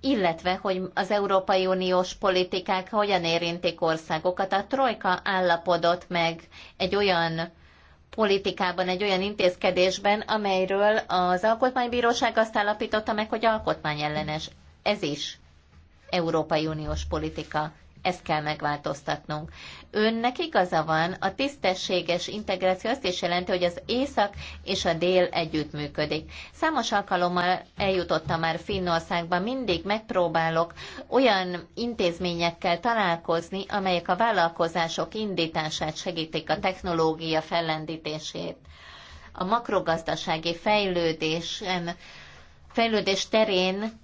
Speaker 3: illetve hogy az Európai Uniós politikák hogyan érintik országokat. A trojka állapodott meg egy olyan politikában, egy olyan intézkedésben, amelyről az Alkotmánybíróság azt állapította meg, hogy alkotmányellenes. Ez is Európai Uniós politika. Ezt kell megváltoztatnunk. Önnek igaza van, a tisztességes integráció azt is jelenti, hogy az észak és a dél együttműködik. Számos alkalommal eljutottam már Finnországba, mindig megpróbálok olyan intézményekkel találkozni, amelyek a vállalkozások indítását segítik, a technológia fellendítését. A makrogazdasági fejlődésen, fejlődés terén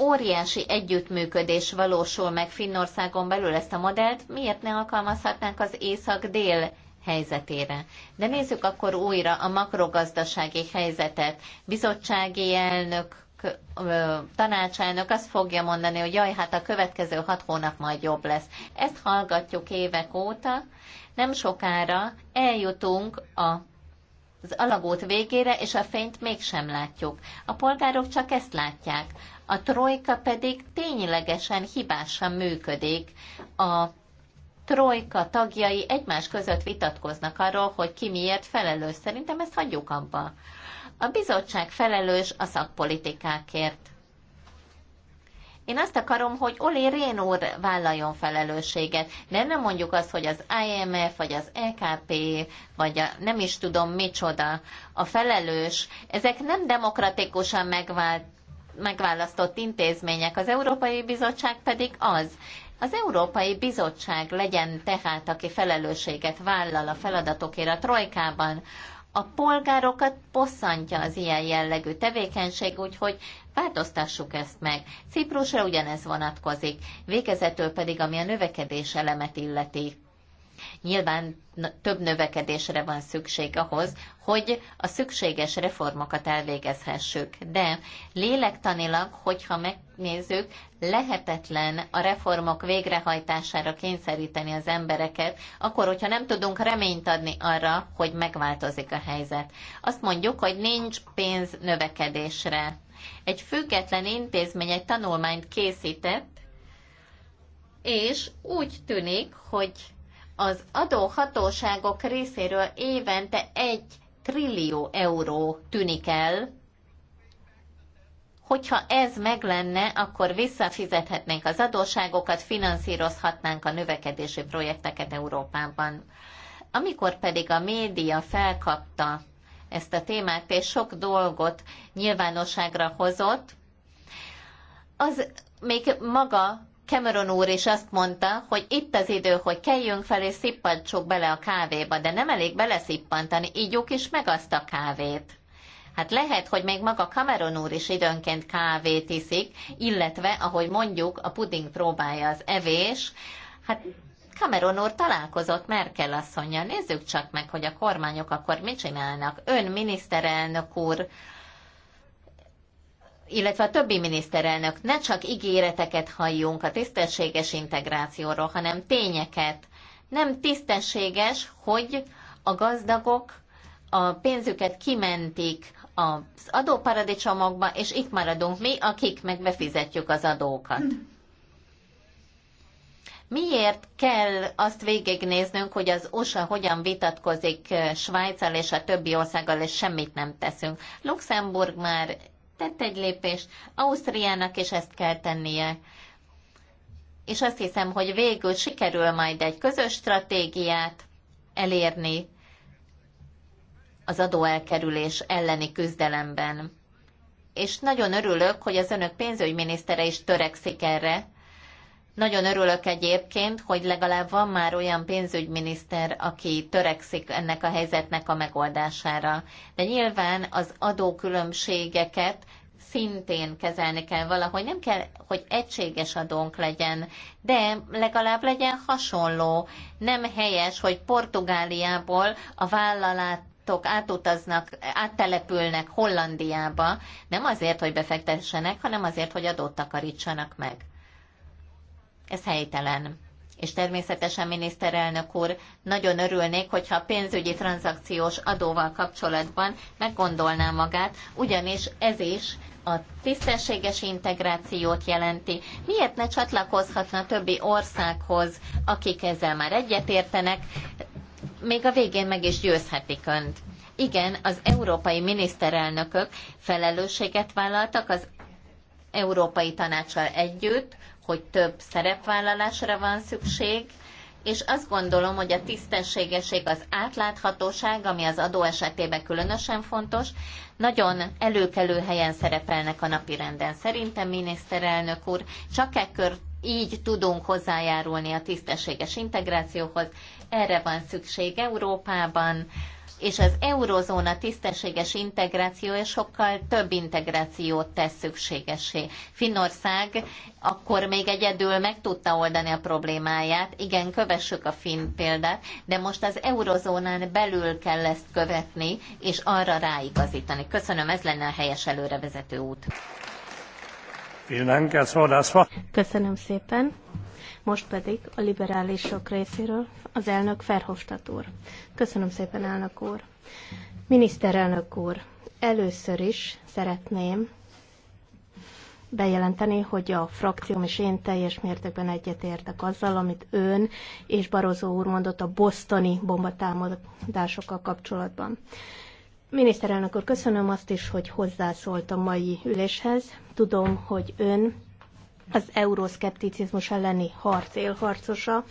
Speaker 3: óriási együttműködés valósul meg Finnországon belül ezt a modellt, miért ne alkalmazhatnánk az észak-dél helyzetére. De nézzük akkor újra a makrogazdasági helyzetet. Bizottsági elnök tanácselnök azt fogja mondani, hogy jaj, hát a következő hat hónap majd jobb lesz. Ezt hallgatjuk évek óta, nem sokára eljutunk a az alagút végére, és a fényt mégsem látjuk. A polgárok csak ezt látják a trojka pedig ténylegesen hibásan működik. A trojka tagjai egymás között vitatkoznak arról, hogy ki miért felelős. Szerintem ezt hagyjuk abba. A bizottság felelős a szakpolitikákért. Én azt akarom, hogy Oli Rén úr vállaljon felelősséget, de nem mondjuk azt, hogy az IMF, vagy az EKP, vagy a, nem is tudom micsoda a felelős. Ezek nem demokratikusan megvált megválasztott intézmények, az Európai Bizottság pedig az. Az Európai Bizottság legyen tehát, aki felelősséget vállal a feladatokért a trojkában, a polgárokat bosszantja az ilyen jellegű tevékenység, úgyhogy változtassuk ezt meg. Ciprusra ugyanez vonatkozik, végezetül pedig, ami a növekedés elemet illeti. Nyilván több növekedésre van szükség ahhoz, hogy a szükséges reformokat elvégezhessük. De lélektanilag, hogyha megnézzük, lehetetlen a reformok végrehajtására kényszeríteni az embereket, akkor, hogyha nem tudunk reményt adni arra, hogy megváltozik a helyzet. Azt mondjuk, hogy nincs pénz növekedésre. Egy független intézmény egy tanulmányt készített, és úgy tűnik, hogy az adóhatóságok részéről évente egy trillió euró tűnik el, hogyha ez meg lenne, akkor visszafizethetnénk az adóságokat, finanszírozhatnánk a növekedési projekteket Európában. Amikor pedig a média felkapta ezt a témát, és sok dolgot nyilvánosságra hozott, az még maga Cameron úr is azt mondta, hogy itt az idő, hogy keljünk fel és szippantsuk bele a kávéba, de nem elég beleszippantani, ígyuk is meg azt a kávét. Hát lehet, hogy még maga Cameron úr is időnként kávét iszik, illetve, ahogy mondjuk, a puding próbálja az evés. Hát Cameron úr találkozott Merkel asszonyjal. Nézzük csak meg, hogy a kormányok akkor mit csinálnak. Ön, miniszterelnök úr, illetve a többi miniszterelnök ne csak ígéreteket halljunk a tisztességes integrációról, hanem tényeket. Nem tisztességes, hogy a gazdagok a pénzüket kimentik az adóparadicsomokba, és itt maradunk mi, akik meg befizetjük az adókat. Miért kell azt végignéznünk, hogy az USA hogyan vitatkozik Svájccal és a többi országgal, és semmit nem teszünk? Luxemburg már tett egy lépést, Ausztriának is ezt kell tennie. És azt hiszem, hogy végül sikerül majd egy közös stratégiát elérni az adóelkerülés elleni küzdelemben. És nagyon örülök, hogy az önök pénzügyminisztere is törekszik erre, nagyon örülök egyébként, hogy legalább van már olyan pénzügyminiszter, aki törekszik ennek a helyzetnek a megoldására. De nyilván az adókülönbségeket szintén kezelni kell valahogy. Nem kell, hogy egységes adónk legyen, de legalább legyen hasonló. Nem helyes, hogy Portugáliából a vállalat átutaznak, áttelepülnek Hollandiába, nem azért, hogy befektessenek, hanem azért, hogy adót takarítsanak meg. Ez helytelen. És természetesen, miniszterelnök úr, nagyon örülnék, hogyha a pénzügyi tranzakciós adóval kapcsolatban meggondolná magát, ugyanis ez is a tisztességes integrációt jelenti. Miért ne csatlakozhatna többi országhoz, akik ezzel már egyetértenek, még a végén meg is győzhetik önt. Igen, az európai miniszterelnökök felelősséget vállaltak az Európai Tanácssal együtt, hogy több szerepvállalásra van szükség, és azt gondolom, hogy a tisztességeség, az átláthatóság, ami az adó esetében különösen fontos, nagyon előkelő helyen szerepelnek a napirenden. Szerintem, miniszterelnök úr, csak ekkor így tudunk hozzájárulni a tisztességes integrációhoz. Erre van szükség Európában, és az eurozóna tisztességes integrációja sokkal több integrációt tesz szükségesé. Finnország akkor még egyedül meg tudta oldani a problémáját, igen, kövessük a finn példát, de most az eurozónán belül kell ezt követni, és arra ráigazítani. Köszönöm, ez lenne
Speaker 5: a helyes előrevezető út. Köszönöm szépen. Most pedig a liberálisok részéről az elnök Ferhofstadt úr. Köszönöm szépen, elnök úr. Miniszterelnök úr, először is szeretném bejelenteni, hogy a frakcióm és én teljes mértékben egyetértek azzal, amit ön és Barozó úr mondott a bosztoni bombatámadásokkal kapcsolatban. Miniszterelnök úr, köszönöm azt is, hogy hozzászólt a mai üléshez. Tudom, hogy ön az euroszkepticizmus elleni harc élharcosa,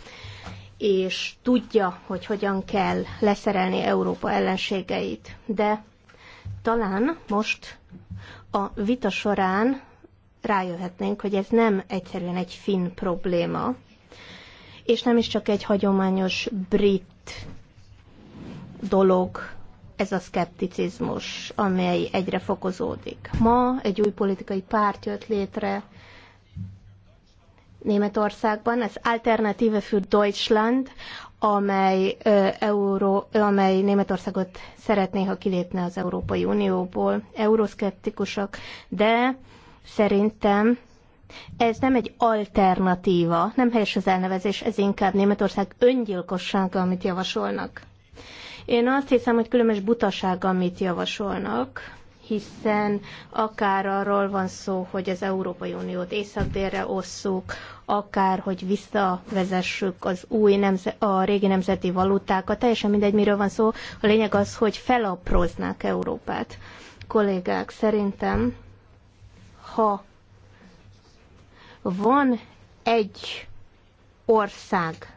Speaker 5: és tudja, hogy hogyan kell leszerelni Európa ellenségeit. De talán most a vita során rájöhetnénk, hogy ez nem egyszerűen egy finn probléma, és nem is csak egy hagyományos brit dolog ez a szkepticizmus, amely egyre fokozódik. Ma egy új politikai párt jött létre, Németországban, az Alternative für Deutschland, amely, Euró, amely Németországot szeretné, ha kilépne az Európai Unióból. euroszkeptikusok, de szerintem ez nem egy alternatíva, nem helyes az elnevezés, ez inkább Németország öngyilkossága, amit javasolnak. Én azt hiszem, hogy különös butaság, amit javasolnak, hiszen akár arról van szó, hogy az Európai Uniót észak-délre osszuk, akár hogy visszavezessük az új nemze- a régi nemzeti valutákat, teljesen mindegy, miről van szó. A lényeg az, hogy felapróznák Európát. Kollégák, szerintem, ha van egy ország,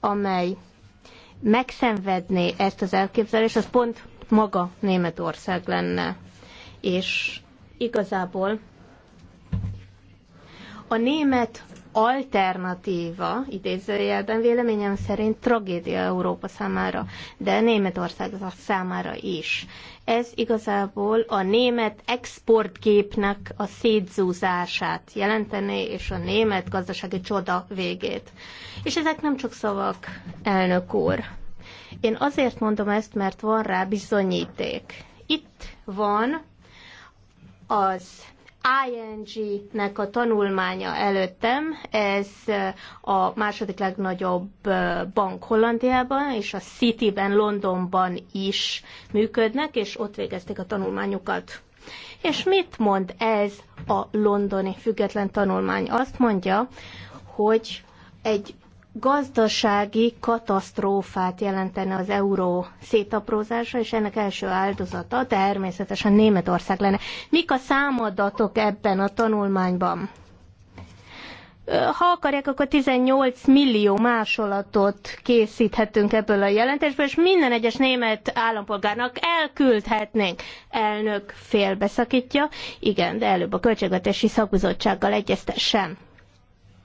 Speaker 5: amely megszenvedné ezt az elképzelést, az pont maga Németország lenne. És igazából a német alternatíva, idézőjelben véleményem szerint tragédia Európa számára, de Németország számára is. Ez igazából a német exportképnek a szétzúzását jelenteni, és a német gazdasági csoda végét. És ezek nem csak szavak, elnök úr. Én azért mondom ezt, mert van rá bizonyíték. Itt van az ING-nek a tanulmánya előttem, ez eh, a második legnagyobb eh, bank Hollandiában, és a City-ben, Londonban is működnek, és ott végezték a tanulmányukat. És mit mond ez a londoni független tanulmány? Azt mondja, hogy egy gazdasági katasztrófát jelentene az euró szétaprózása, és ennek első áldozata természetesen Németország lenne. Mik a számadatok ebben a tanulmányban? Ha akarják, akkor 18 millió másolatot készíthetünk ebből a jelentésből, és minden egyes német állampolgárnak elküldhetnénk. Elnök félbeszakítja. Igen, de előbb a költségvetési szakbizottsággal egyeztessen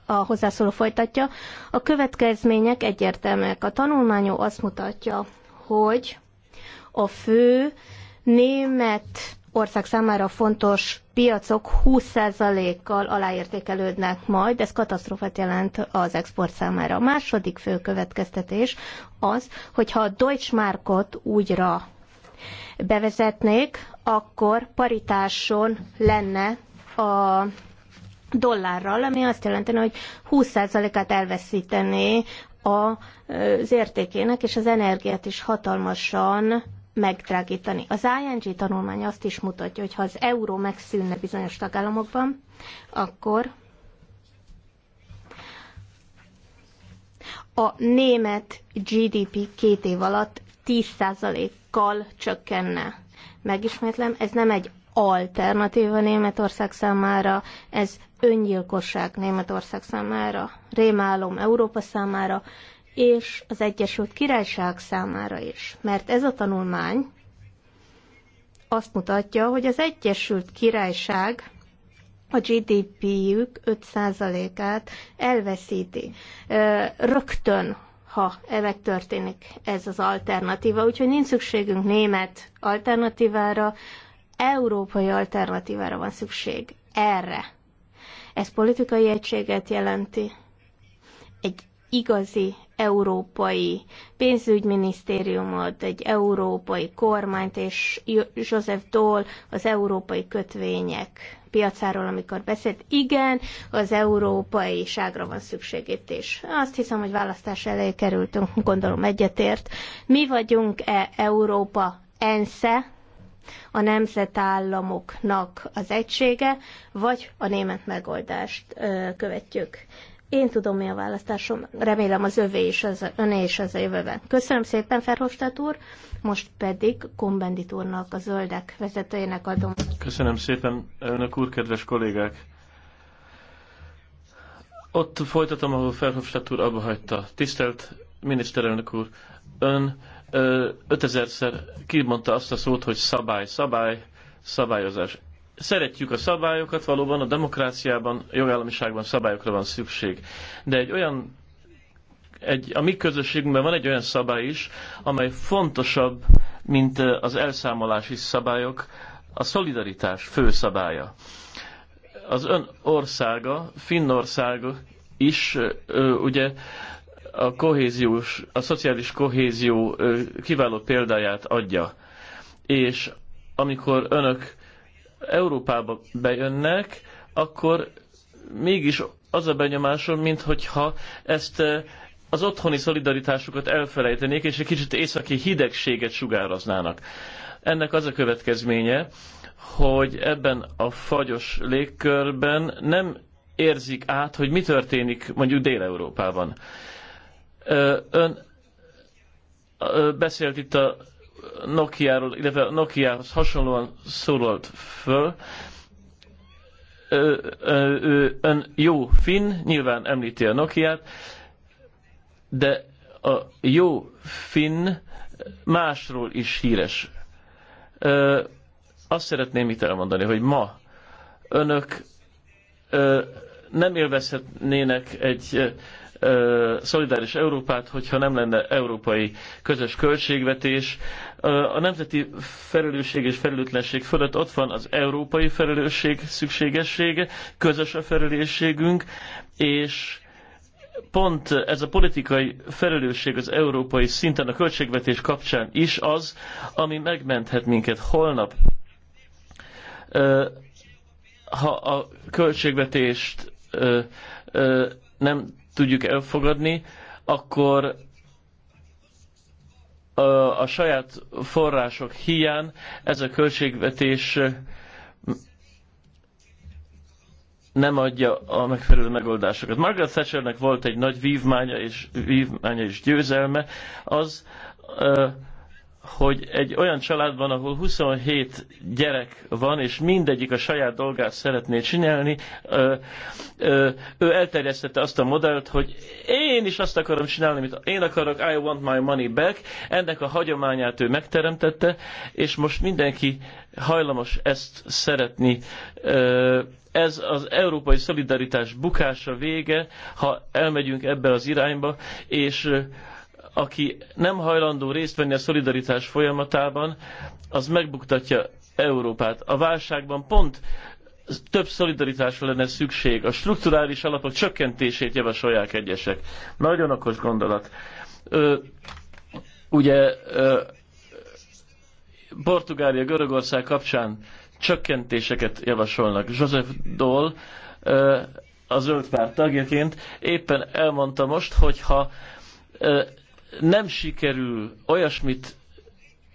Speaker 5: a hozzászóló folytatja. A következmények egyértelműek. A tanulmányó azt mutatja, hogy a fő német ország számára fontos piacok 20%-kal aláértékelődnek majd, ez katasztrófát jelent az export számára. A második fő következtetés az, hogyha a Deutschmarkot újra bevezetnék, akkor paritáson lenne a dollárral, ami azt jelenteni, hogy 20%-át elveszítené az értékének, és az energiát is hatalmasan megdrágítani. Az ING tanulmány azt is mutatja, hogy ha az euró megszűnne bizonyos tagállamokban, akkor a német GDP két év alatt 10%-kal csökkenne. Megismétlem, ez nem egy alternatíva Németország számára, ez öngyilkosság Németország számára, rémálom Európa számára, és az Egyesült Királyság számára is. Mert ez a tanulmány azt mutatja, hogy az Egyesült Királyság a GDP-jük 5%-át elveszíti rögtön, ha történik ez az alternatíva. Úgyhogy nincs szükségünk német alternatívára, európai alternatívára van szükség. Erre. Ez politikai egységet jelenti. Egy igazi európai pénzügyminisztériumot, egy európai kormányt, és Joseph Dole az európai kötvények piacáról, amikor beszélt. Igen, az európai ságra van szükségét is. Azt hiszem, hogy választás elé kerültünk, gondolom egyetért. Mi vagyunk-e Európa ensze, a nemzetállamoknak az egysége, vagy a német megoldást követjük. Én tudom, mi a választásom. Remélem az övé is, az öné is az a jövőben. Köszönöm szépen, Ferhofstadt úr. Most pedig Kombendit úrnak, a zöldek vezetőjének adom.
Speaker 2: Köszönöm szépen, önök úr, kedves kollégák. Ott folytatom, ahol Ferhofstadt úr abba hagyta. Tisztelt miniszterelnök úr, ön ötezerszer kimondta azt a szót, hogy szabály, szabály, szabályozás. Szeretjük a szabályokat, valóban a demokráciában, a jogállamiságban szabályokra van szükség. De egy olyan, egy, a mi közösségünkben van egy olyan szabály is, amely fontosabb, mint az elszámolási szabályok, a szolidaritás fő szabálya. Az ön országa, Finnország is ugye a kohéziós, a szociális kohézió kiváló példáját adja. És amikor önök Európába bejönnek, akkor mégis az a benyomásom, mintha ezt az otthoni szolidaritásukat elfelejtenék, és egy kicsit északi hidegséget sugároznának. Ennek az a következménye, hogy ebben a fagyos légkörben nem érzik át, hogy mi történik mondjuk Dél-Európában. Ön beszélt itt a Nokia-ról, illetve a Nokia-hoz hasonlóan szólalt föl. Ön jó finn, nyilván említi a Nokia-t, de a jó finn másról is híres. azt szeretném itt elmondani, hogy ma önök nem élvezhetnének egy szolidáris Európát, hogyha nem lenne európai közös költségvetés. A nemzeti felelősség és felelőtlenség fölött ott van az európai felelősség szükségessége, közös a felelősségünk, és pont ez a politikai felelősség az európai szinten a költségvetés kapcsán is az, ami megmenthet minket holnap. Ha a költségvetést nem tudjuk elfogadni, akkor a, a saját források hiány ez a költségvetés nem adja a megfelelő megoldásokat. Margaret Thatchernek volt egy nagy vívmánya és, vívmánya és győzelme, az hogy egy olyan családban, ahol 27 gyerek van, és mindegyik a saját dolgát szeretné csinálni, ö, ö, ő elterjesztette azt a modellt, hogy én is azt akarom csinálni, amit én akarok, I want my money back. Ennek a hagyományát ő megteremtette, és most mindenki hajlamos ezt szeretni. Ö, ez az európai szolidaritás bukása vége, ha elmegyünk ebbe az irányba, és aki nem hajlandó részt venni a szolidaritás folyamatában, az megbuktatja Európát. A válságban pont több szolidaritásra lenne szükség. A strukturális alapok csökkentését javasolják egyesek. Nagyon okos gondolat. Ö, ugye ö, Portugália, Görögország kapcsán csökkentéseket javasolnak. Joseph Dole ö, a zöld párt tagjaként éppen elmondta most, hogy ha nem sikerül olyasmit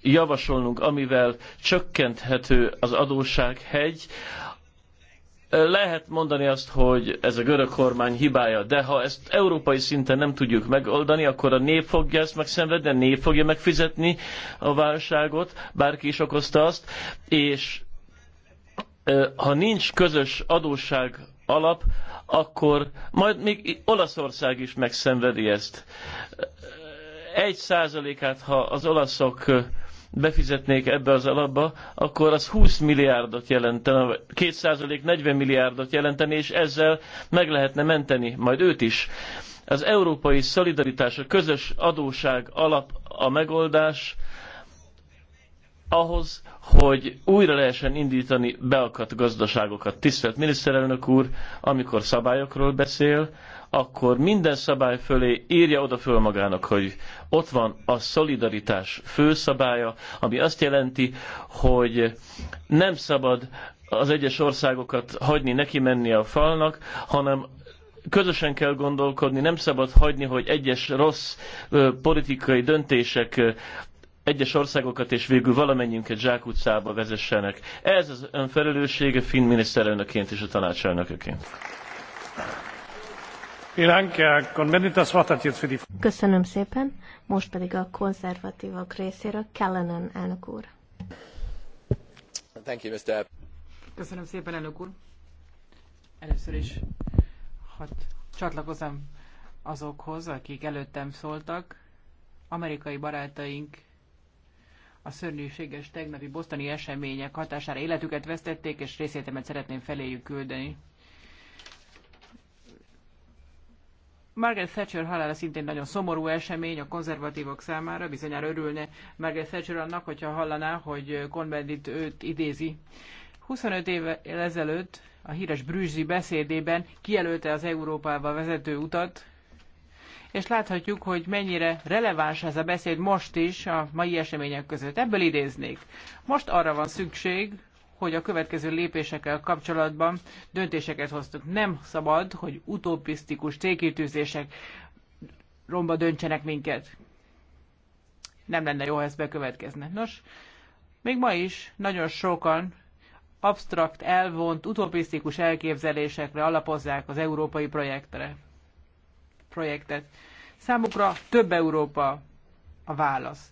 Speaker 2: javasolnunk, amivel csökkenthető az adóssághegy, lehet mondani azt, hogy ez a görög kormány hibája, de ha ezt európai szinten nem tudjuk megoldani, akkor a nép fogja ezt megszenvedni, a nép fogja megfizetni a válságot, bárki is okozta azt, és ha nincs közös adósság alap, akkor majd még Olaszország is megszenvedi ezt egy százalékát, ha az olaszok befizetnék ebbe az alapba, akkor az 20 milliárdot jelentene, 2 százalék 40 milliárdot jelenteni, és ezzel meg lehetne menteni majd őt is. Az európai szolidaritás, a közös adóság alap a megoldás ahhoz, hogy újra lehessen indítani beakadt gazdaságokat. Tisztelt miniszterelnök úr, amikor szabályokról beszél, akkor minden szabály fölé írja oda föl magának, hogy ott van a szolidaritás főszabálya, ami azt jelenti, hogy nem szabad az egyes országokat hagyni neki menni a falnak, hanem közösen kell gondolkodni, nem szabad hagyni, hogy egyes rossz ö, politikai döntések ö, egyes országokat és végül valamennyiünket zsákutcába vezessenek. Ez az önfelelőssége finn miniszterelnöként és a tanácselnököként.
Speaker 5: Köszönöm szépen. Most pedig a konzervatívok részéről Kellenen elnök úr.
Speaker 4: Thank you, Mr.
Speaker 6: Köszönöm szépen, elnök úr. Először is hadd csatlakozom azokhoz, akik előttem szóltak. Amerikai barátaink a szörnyűséges tegnapi bosztani események hatására életüket vesztették, és részétemet szeretném feléjük küldeni. Margaret Thatcher halála szintén nagyon szomorú esemény a konzervatívok számára, bizonyára örülne Margaret Thatcher annak, hogyha hallaná, hogy Convendit őt idézi. 25 évvel ezelőtt a híres brüsszi beszédében kijelölte az Európába vezető utat, és láthatjuk, hogy mennyire releváns ez a beszéd most is a mai események között. Ebből idéznék. Most arra van szükség, hogy a következő lépésekkel kapcsolatban döntéseket hoztunk. Nem szabad, hogy utopisztikus célkitűzések romba döntsenek minket. Nem lenne jó, ha ez bekövetkezne. Nos, még ma is nagyon sokan absztrakt, elvont, utopisztikus elképzelésekre alapozzák az európai projektre. projektet. Számukra több Európa a válasz.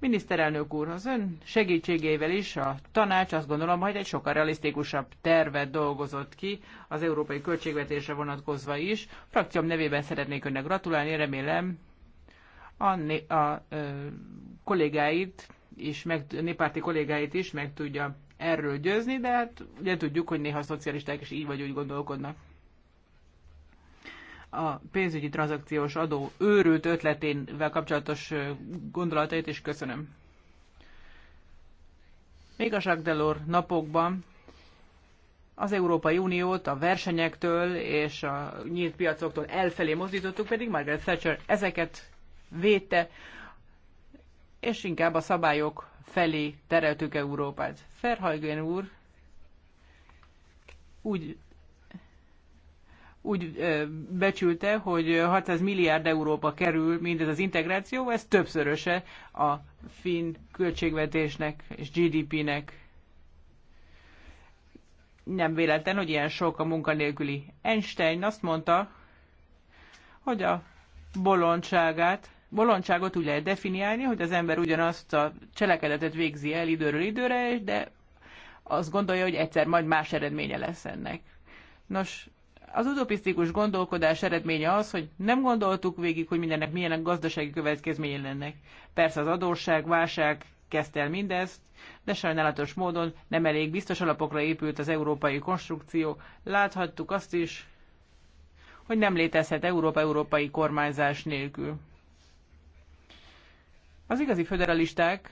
Speaker 6: Miniszterelnök úr, az ön segítségével is a tanács azt gondolom, hogy egy sokkal realisztikusabb tervet dolgozott ki az európai költségvetésre vonatkozva is. Frakcióm nevében szeretnék önnek gratulálni, remélem a, a ö, kollégáit és meg, néppárti kollégáit is meg tudja erről győzni, de hát ugye tudjuk, hogy néha a szocialisták is így vagy úgy gondolkodnak a pénzügyi tranzakciós adó őrült ötletével kapcsolatos gondolatait, és köszönöm. Még a Jacques Delors napokban az Európai Uniót a versenyektől és a nyílt piacoktól elfelé mozdítottuk, pedig Margaret Thatcher ezeket védte, és inkább a szabályok felé tereltük Európát. Ferhajgen úr úgy úgy becsülte, hogy 600 milliárd euróba kerül mindez az integráció, ez többszöröse a finn költségvetésnek és GDP-nek. Nem véletlen, hogy ilyen sok a munkanélküli. Einstein azt mondta, hogy a bolondságát, bolondságot úgy lehet definiálni, hogy az ember ugyanazt a cselekedetet végzi el időről időre, de azt gondolja, hogy egyszer majd más eredménye lesz ennek. Nos, az utopisztikus gondolkodás eredménye az, hogy nem gondoltuk végig, hogy mindennek milyenek gazdasági következménye lennek. Persze az adósság, válság kezdte el mindezt, de sajnálatos módon nem elég biztos alapokra épült az európai konstrukció. Láthattuk azt is, hogy nem létezhet Európa európai kormányzás nélkül. Az igazi föderalisták,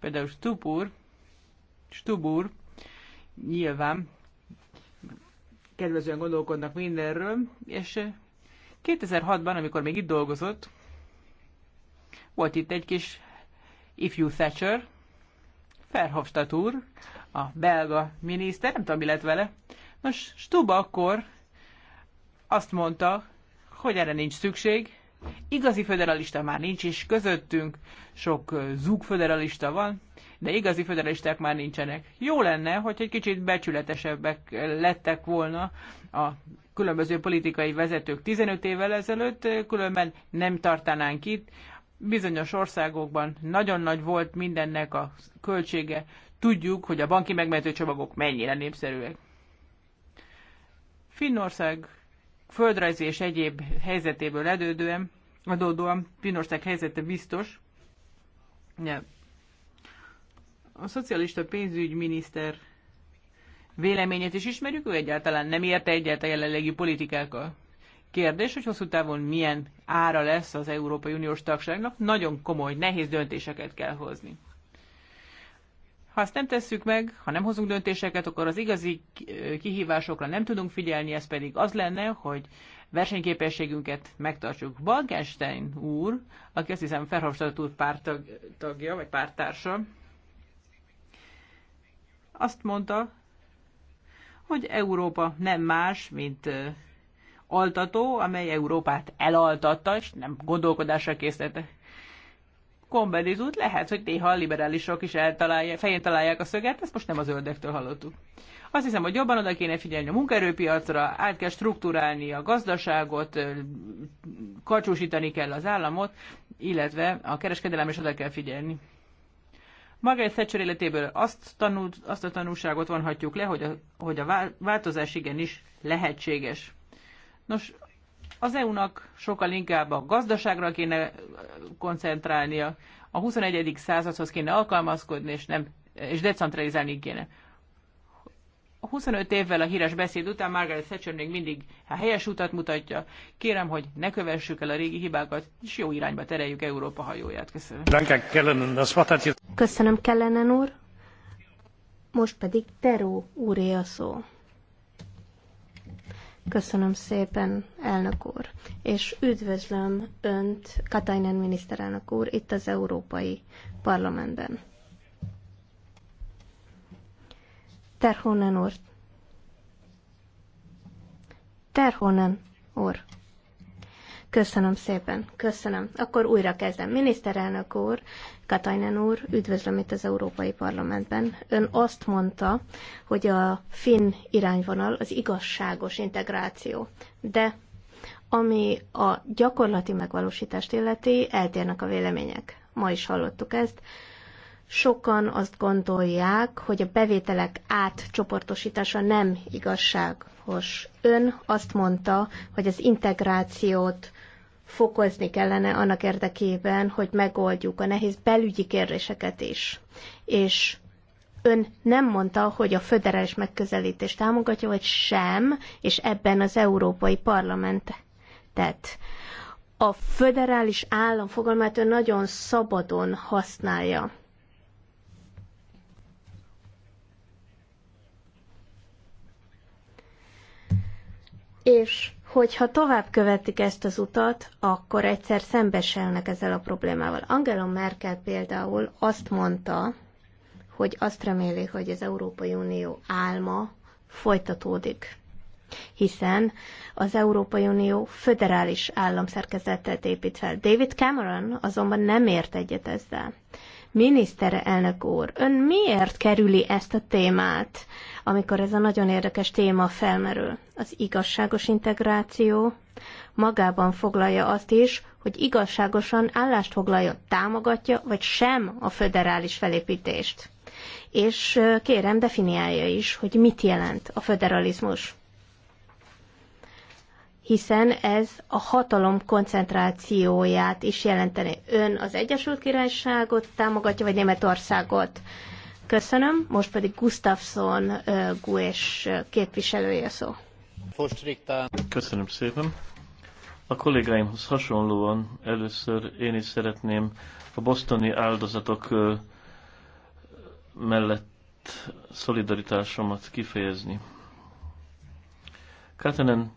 Speaker 6: például Stubur, Stubur, nyilván kedvezően gondolkodnak mindenről, és 2006-ban, eh, amikor még itt dolgozott, volt itt egy kis ifjú Thatcher, Verhofstadt úr, a belga miniszter, nem tudom, mi lett vele. Nos, Stuba akkor azt mondta, hogy erre nincs szükség, igazi föderalista már nincs, és közöttünk sok eh, zúg föderalista van, de igazi föderalisták már nincsenek. Jó lenne, hogy egy kicsit becsületesebbek lettek volna a különböző politikai vezetők 15 évvel ezelőtt, eh, különben nem tartanánk itt. Bizonyos országokban nagyon nagy volt mindennek a költsége. Tudjuk, hogy a banki megmentő csomagok mennyire népszerűek. Finnország földrajzi és egyéb helyzetéből edődően, adódóan Finnország helyzete biztos, a szocialista pénzügyminiszter véleményét is ismerjük, ő egyáltalán nem érte egyet a jelenlegi politikákkal. Kérdés, hogy hosszú távon milyen ára lesz az Európai Uniós tagságnak, nagyon komoly, nehéz döntéseket kell hozni. Ha ezt nem tesszük meg, ha nem hozunk döntéseket, akkor az igazi kihívásokra nem tudunk figyelni, ez pedig az lenne, hogy versenyképességünket megtartsuk. Balkenstein úr, aki azt hiszem Ferhofstadt úr pártagja, vagy pártársa, azt mondta, hogy Európa nem más, mint altató, amely Európát elaltatta, és nem gondolkodásra készítette. Komberis út lehet, hogy néha a liberálisok is eltalálják, fején találják a szöget, ezt most nem az ördögtől hallottuk. Azt hiszem, hogy jobban oda kéne figyelni a munkaerőpiacra, át kell struktúrálni a gazdaságot, kacsúsítani kell az államot, illetve a kereskedelem is oda kell figyelni. Margaret Thatcher életéből azt, tanult, azt a tanulságot vonhatjuk le, hogy a, hogy a változás igenis lehetséges. Nos, az EU-nak sokkal inkább a gazdaságra kéne koncentrálnia, a 21. századhoz kéne alkalmazkodni, és, nem, és decentralizálni kéne. 25 évvel a híres beszéd után Margaret Thatcher még mindig a helyes utat mutatja. Kérem, hogy ne kövessük el a régi hibákat, és jó irányba tereljük Európa hajóját.
Speaker 2: Köszönöm.
Speaker 5: Köszönöm, Kellenen úr. Most pedig Teró úré a szó. Köszönöm szépen, elnök úr, és üdvözlöm Önt, Katainen miniszterelnök úr, itt az Európai Parlamentben. Terhonen úr. Terhonen úr. Köszönöm szépen, köszönöm. Akkor újra kezdem. Miniszterelnök úr, Katajnen úr, üdvözlöm itt az Európai Parlamentben. Ön azt mondta, hogy a finn irányvonal az igazságos integráció, de ami a gyakorlati megvalósítást illeti, eltérnek a vélemények. Ma is hallottuk ezt. Sokan azt gondolják, hogy a bevételek átcsoportosítása nem igazságos. Ön azt mondta, hogy az integrációt fokozni kellene annak érdekében, hogy megoldjuk a nehéz belügyi kérdéseket is. És ön nem mondta, hogy a föderális megközelítést támogatja, vagy sem, és ebben az Európai Parlamentet. A föderális állam fogalmát ön nagyon szabadon használja. és hogyha tovább követik ezt az utat, akkor egyszer szembesülnek ezzel a problémával. Angela Merkel például azt mondta, hogy azt reméli, hogy az Európai Unió álma folytatódik, hiszen az Európai Unió föderális államszerkezetet épít fel. David Cameron azonban nem ért egyet ezzel. Miniszterelnök úr, ön miért kerüli ezt a témát, amikor ez a nagyon érdekes téma felmerül? Az igazságos integráció magában foglalja azt is, hogy igazságosan állást foglalja, támogatja vagy sem a föderális felépítést. És kérem, definiálja is, hogy mit jelent a föderalizmus hiszen ez a hatalom koncentrációját is jelenteni. Ön az Egyesült Királyságot támogatja, vagy Németországot? Köszönöm, most pedig Gustafsson Gues képviselője szó.
Speaker 2: Köszönöm szépen. A kollégáimhoz hasonlóan először én is szeretném a bosztoni áldozatok mellett szolidaritásomat kifejezni. Katenen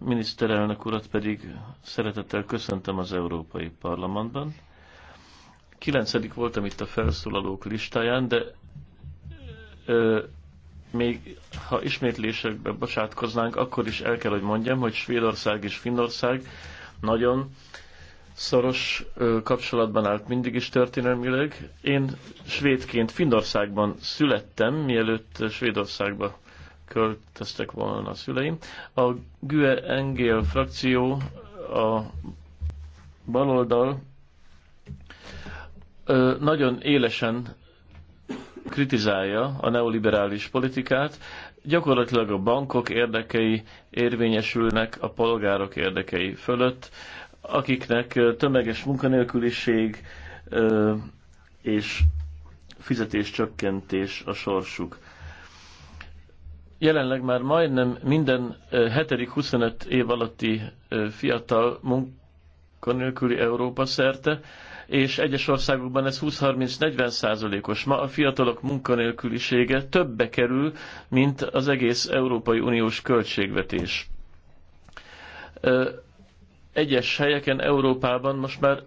Speaker 2: miniszterelnök urat pedig szeretettel köszöntöm az Európai Parlamentben. Kilencedik voltam itt a felszólalók listáján, de ö, még ha ismétlésekbe bocsátkoznánk, akkor is el kell, hogy mondjam, hogy Svédország és Finnország nagyon szoros ö, kapcsolatban állt mindig is történelmileg. Én svédként Finnországban születtem, mielőtt Svédországba költöztek volna a szüleim. A GUE Engel frakció, a baloldal nagyon élesen kritizálja a neoliberális politikát, gyakorlatilag a bankok érdekei érvényesülnek a polgárok érdekei fölött, akiknek tömeges munkanélküliség és fizetéscsökkentés a sorsuk jelenleg már majdnem minden hetedik 25 év alatti fiatal munkanélküli Európa szerte, és egyes országokban ez 20-30-40 százalékos. Ma a fiatalok munkanélkülisége többe kerül, mint az egész Európai Uniós költségvetés. Egyes helyeken Európában most már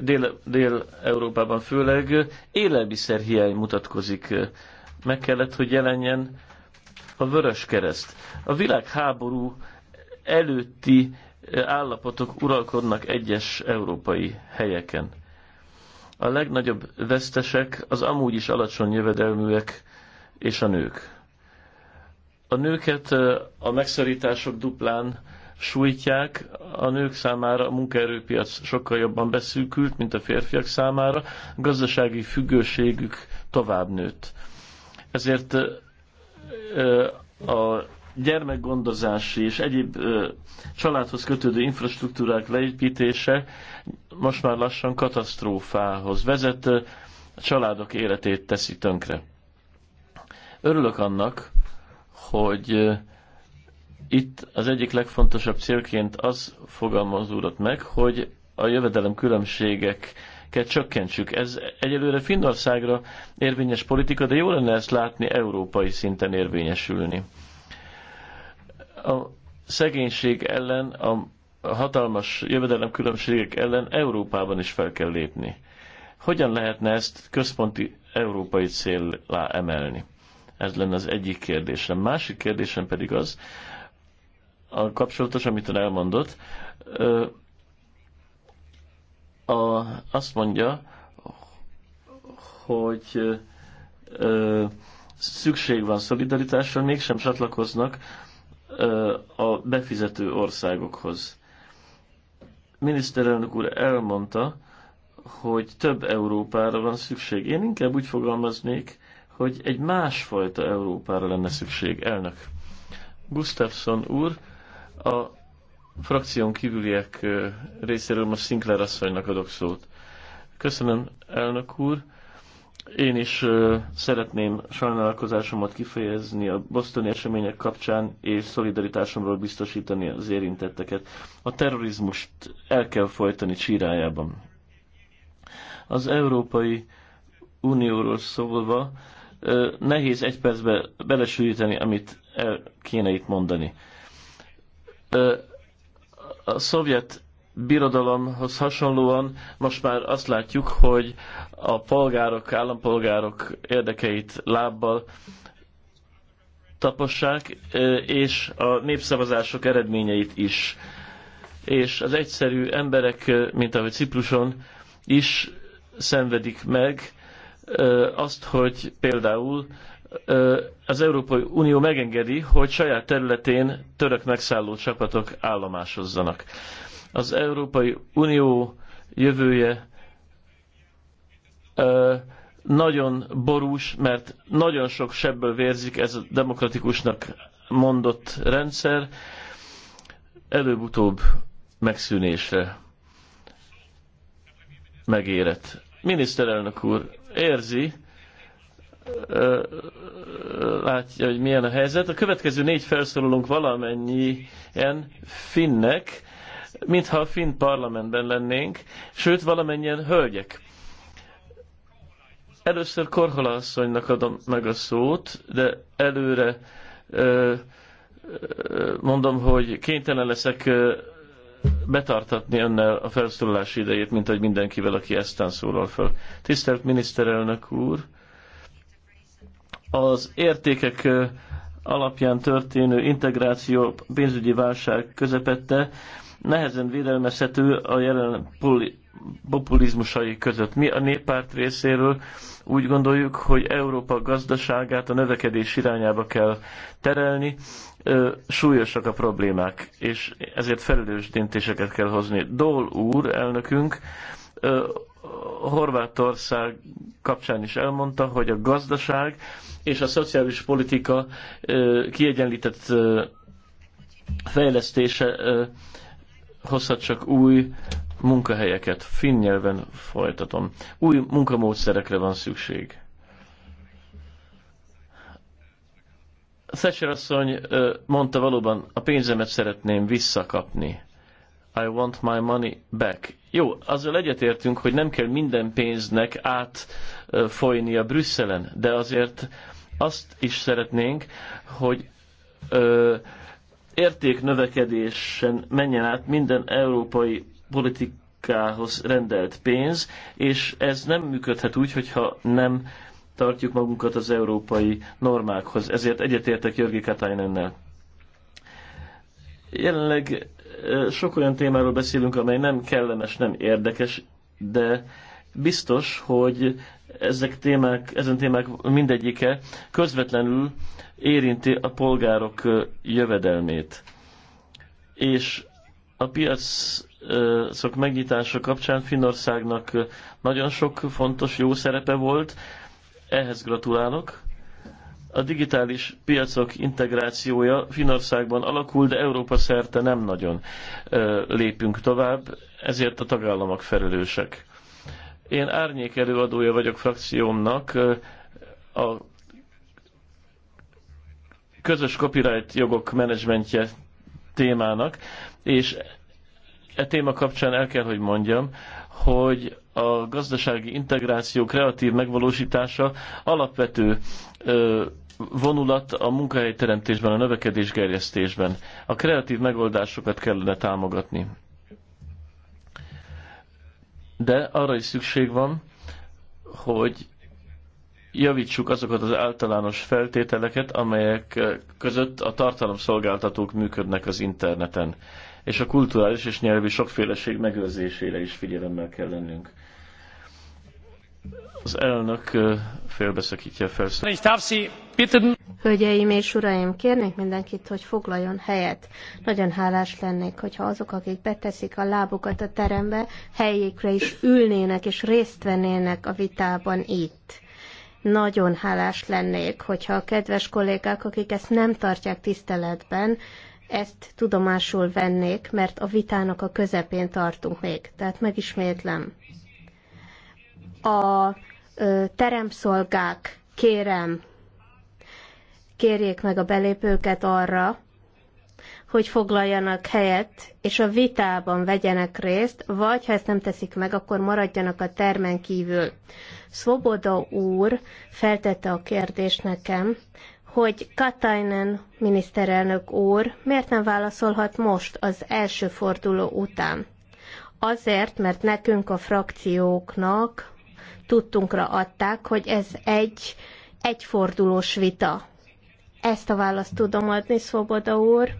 Speaker 2: Dél-Európában Dél főleg élelmiszerhiány mutatkozik. Meg kellett, hogy jelenjen a Vörös Kereszt. A világháború előtti eh, állapotok uralkodnak egyes európai helyeken. A legnagyobb vesztesek az amúgy is alacsony jövedelműek és a nők. A nőket eh, a megszorítások duplán sújtják, a nők számára a munkaerőpiac sokkal jobban beszűkült, mint a férfiak számára, a gazdasági függőségük tovább nőtt. Ezért eh, a gyermekgondozási és egyéb családhoz kötődő infrastruktúrák leépítése most már lassan katasztrófához vezet, a családok életét teszi tönkre. Örülök annak, hogy itt az egyik legfontosabb célként az fogalmazódott meg, hogy a jövedelem különbségek csökkentsük. Ez egyelőre Finnországra érvényes politika, de jó lenne ezt látni európai szinten érvényesülni. A szegénység ellen, a hatalmas jövedelemkülönbségek ellen Európában is fel kell lépni. Hogyan lehetne ezt központi európai célra emelni? Ez lenne az egyik kérdésem. Másik kérdésem pedig az, a kapcsolatos, amit ön elmondott, a, azt mondja, hogy ö, szükség van szolidaritásra, mégsem csatlakoznak ö, a befizető országokhoz. Miniszterelnök úr elmondta, hogy több Európára van szükség. Én inkább úgy fogalmaznék, hogy egy másfajta Európára lenne szükség. Elnök. Gustafsson úr, a frakción kívüliek részéről most Sinclair asszonynak adok szót. Köszönöm, elnök úr. Én is szeretném sajnálkozásomat kifejezni a bosztoni események kapcsán, és szolidaritásomról biztosítani az érintetteket. A terrorizmust el kell folytani csírájában. Az Európai Unióról szólva nehéz egy percbe belesülíteni, amit el kéne itt mondani a szovjet birodalomhoz hasonlóan most már azt látjuk, hogy a polgárok, állampolgárok érdekeit lábbal tapossák, e, és a népszavazások eredményeit is. És az egyszerű emberek, e, mint ahogy Cipruson is szenvedik meg e, azt, hogy például az Európai Unió megengedi, hogy saját területén török megszálló csapatok állomásozzanak. Az Európai Unió jövője nagyon borús, mert nagyon sok sebből vérzik ez a demokratikusnak mondott rendszer, előbb-utóbb megszűnésre megérett. Miniszterelnök úr érzi, látja, hogy milyen a helyzet. A következő négy felszólalunk valamennyien finnek, mintha a finn parlamentben lennénk, sőt valamennyien hölgyek. Először Korhola asszonynak adom meg a szót, de előre ö, ö, mondom, hogy kénytelen leszek ö, betartatni önnel a felszólalási idejét, mint ahogy mindenkivel, aki eztán szólal fel. Tisztelt miniszterelnök úr! az értékek alapján történő integráció pénzügyi válság közepette nehezen védelmezhető a jelen populizmusai között. Mi a néppárt részéről úgy gondoljuk, hogy Európa gazdaságát a növekedés irányába kell terelni, súlyosak a problémák, és ezért felelős döntéseket kell hozni. Dol úr, elnökünk, Horvátország kapcsán is elmondta, hogy a gazdaság és a szociális politika kiegyenlített fejlesztése hozhat csak új munkahelyeket. Finnyelven folytatom. Új munkamódszerekre van szükség. Thatcher asszony mondta valóban, a pénzemet szeretném visszakapni. I want my money back. Jó, azzal egyetértünk, hogy nem kell minden pénznek a Brüsszelen, de azért azt is szeretnénk, hogy ö, értéknövekedésen menjen át minden európai politikához rendelt pénz, és ez nem működhet úgy, hogyha nem tartjuk magunkat az európai normákhoz. Ezért egyetértek Jörgi Katainennel. Jelenleg sok olyan témáról beszélünk, amely nem kellemes, nem érdekes, de biztos, hogy ezek témák, ezen témák mindegyike közvetlenül érinti a polgárok jövedelmét. És a piacok megnyitása kapcsán Finnországnak nagyon sok fontos jó szerepe volt, ehhez gratulálok, a digitális piacok integrációja Finországban alakul, de Európa szerte nem nagyon lépünk tovább, ezért a tagállamok felelősek. Én árnyék előadója vagyok frakciómnak a közös copyright jogok menedzsmentje témának, és e téma kapcsán el kell, hogy mondjam, hogy a gazdasági integráció kreatív megvalósítása alapvető ö, vonulat a munkahelyteremtésben, a növekedés gerjesztésben. A kreatív megoldásokat kellene támogatni. De arra is szükség van, hogy javítsuk azokat az általános feltételeket, amelyek között a tartalomszolgáltatók működnek az interneten, és a kulturális és nyelvi sokféleség megőrzésére is figyelemmel kell lennünk. Az elnök félbeszakítja a felszólalást.
Speaker 5: Hölgyeim és uraim, kérnék mindenkit, hogy foglaljon helyet. Nagyon hálás lennék, hogyha azok, akik beteszik a lábukat a terembe, helyékre is ülnének és részt vennének a vitában itt. Nagyon hálás lennék, hogyha a kedves kollégák, akik ezt nem tartják tiszteletben, ezt tudomásul vennék, mert a vitának a közepén tartunk még. Tehát megismétlem a teremszolgák kérem, kérjék meg a belépőket arra, hogy foglaljanak helyet, és a vitában vegyenek részt, vagy ha ezt nem teszik meg, akkor maradjanak a termen kívül. Svoboda úr feltette a kérdést nekem, hogy Katainen miniszterelnök úr miért nem válaszolhat most az első forduló után. Azért, mert nekünk a frakcióknak tudtunkra adták, hogy ez egy egyfordulós vita. Ezt a választ tudom adni, Szoboda úr.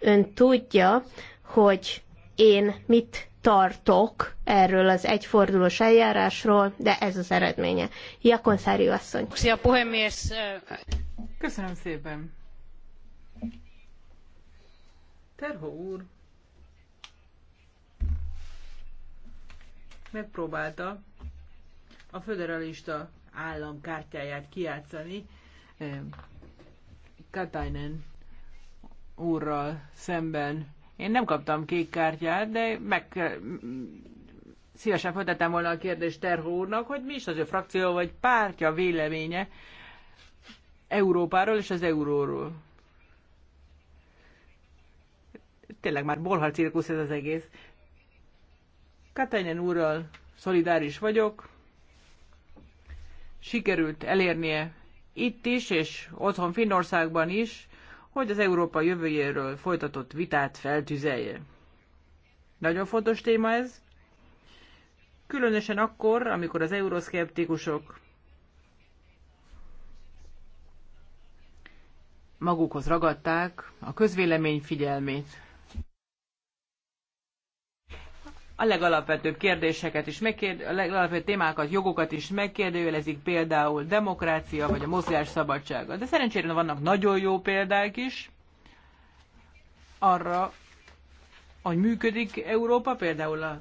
Speaker 5: Ön tudja, hogy én mit tartok erről az egyfordulós eljárásról, de ez az eredménye. Jakonszári asszony.
Speaker 4: Szia, puhemies! Köszönöm
Speaker 6: szépen. Terho úr megpróbálta a föderalista állam kártyáját kiátszani eh, Katainen úrral szemben. Én nem kaptam kék kártyát, de meg eh, szívesen feltettem volna a kérdést Terho úrnak, hogy mi is az ő frakció vagy pártja véleménye Európáról és az euróról. Tényleg már bolhal cirkusz ez az egész. Katainen úrral szolidáris vagyok, sikerült elérnie itt is, és otthon Finnországban is, hogy az Európa jövőjéről folytatott vitát feltüzelje. Nagyon fontos téma ez, különösen akkor, amikor az euroszkeptikusok magukhoz ragadták a közvélemény figyelmét. a legalapvetőbb kérdéseket is megkérdő, a legalapvetőbb témákat, jogokat is megkérdőjelezik, például demokrácia vagy a mozgás szabadsága. De szerencsére vannak nagyon jó példák is arra, hogy működik Európa, például a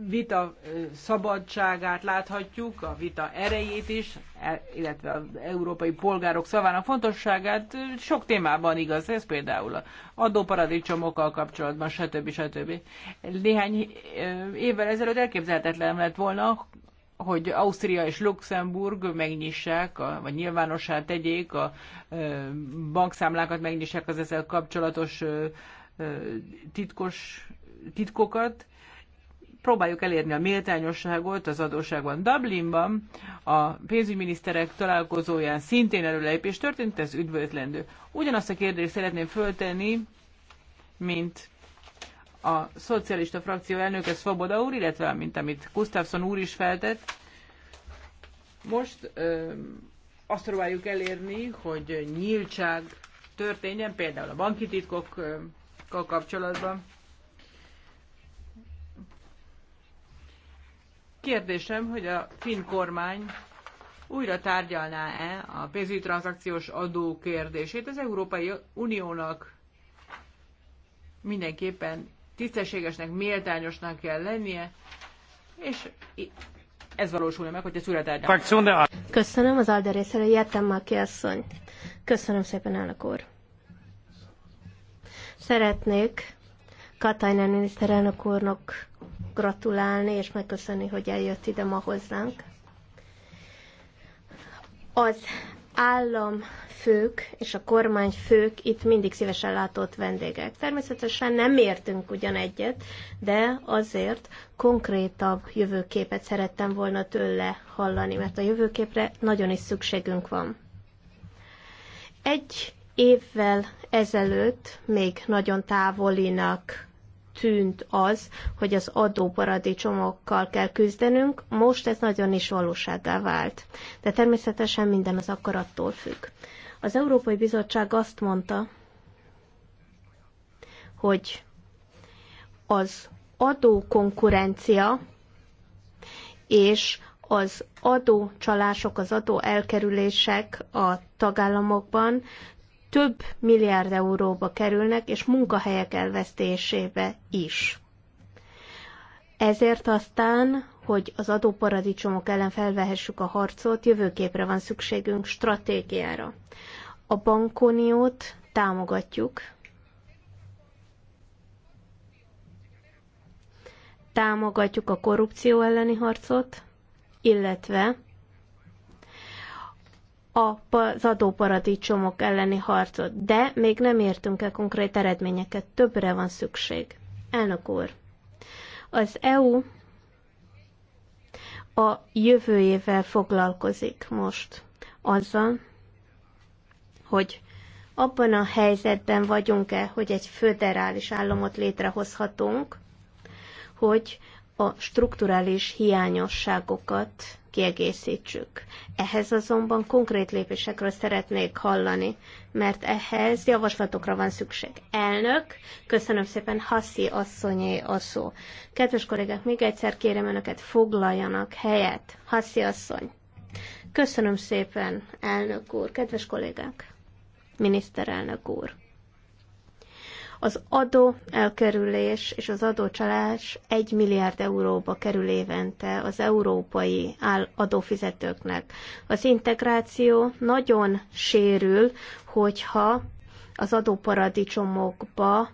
Speaker 6: vita szabadságát láthatjuk, a vita erejét is, e, illetve az európai polgárok szavának fontosságát sok témában igaz, ez például a adóparadicsomokkal kapcsolatban, stb. stb. Néhány évvel ezelőtt elképzelhetetlen lett volna, hogy Ausztria és Luxemburg megnyissák, a, vagy nyilvánossá tegyék a a bankszámlákat, megnyissák az ezzel kapcsolatos a, a, titkos titkokat, próbáljuk elérni a méltányosságot az adóságban. Dublinban a pénzügyminiszterek találkozóján szintén előlépés történt, ez üdvözlendő. Ugyanazt a kérdést szeretném föltenni, mint a szocialista frakció elnöke Svoboda úr, illetve mint amit Gustafsson úr is feltett. Most ö, azt próbáljuk elérni, hogy nyíltság történjen, például a banki titkokkal kapcsolatban. Kérdésem, hogy a finn kormány újra tárgyalná-e a pénzügyi tranzakciós adó kérdését. Az Európai Uniónak mindenképpen tisztességesnek, méltányosnak kell lennie, és ez valósulja meg, hogy ez újra tárgyal.
Speaker 5: Köszönöm az Alder részéről, jöttem már ki asszony. Köszönöm szépen, elnök úr. Szeretnék Katajnán miniszterelnök úrnak gratulálni és megköszönni, hogy eljött ide ma hozzánk. Az államfők és a kormányfők itt mindig szívesen látott vendégek. Természetesen nem értünk ugyan egyet, de azért konkrétabb jövőképet szerettem volna tőle hallani, mert a jövőképre nagyon is szükségünk van. Egy évvel ezelőtt még nagyon távolinak tűnt az, hogy az adóparadicsomokkal kell küzdenünk, most ez nagyon is valósággá vált. De természetesen minden az akarattól függ. Az Európai Bizottság azt mondta, hogy az adókonkurencia és az adócsalások, az adóelkerülések a tagállamokban több milliárd euróba kerülnek, és munkahelyek elvesztésébe is. Ezért aztán, hogy az adóparadicsomok ellen felvehessük a harcot, jövőképre van szükségünk stratégiára. A bankoniót támogatjuk, támogatjuk a korrupció elleni harcot, illetve az adóparadicsomok elleni harcot, de még nem értünk el konkrét eredményeket, többre van szükség. Elnök úr, az EU a jövőjével foglalkozik most azzal, hogy abban a helyzetben vagyunk-e, hogy egy föderális államot létrehozhatunk, hogy a strukturális hiányosságokat kiegészítsük. Ehhez azonban konkrét lépésekről szeretnék hallani, mert ehhez javaslatokra van szükség. Elnök, köszönöm szépen, Haszi asszonyé a szó. Kedves kollégák, még egyszer kérem önöket, foglaljanak helyet. Haszi asszony. Köszönöm szépen, elnök úr, kedves kollégák, miniszterelnök úr. Az adó elkerülés és az adócsalás 1 milliárd euróba kerül évente az európai adófizetőknek. Az integráció nagyon sérül, hogyha az adóparadicsomokba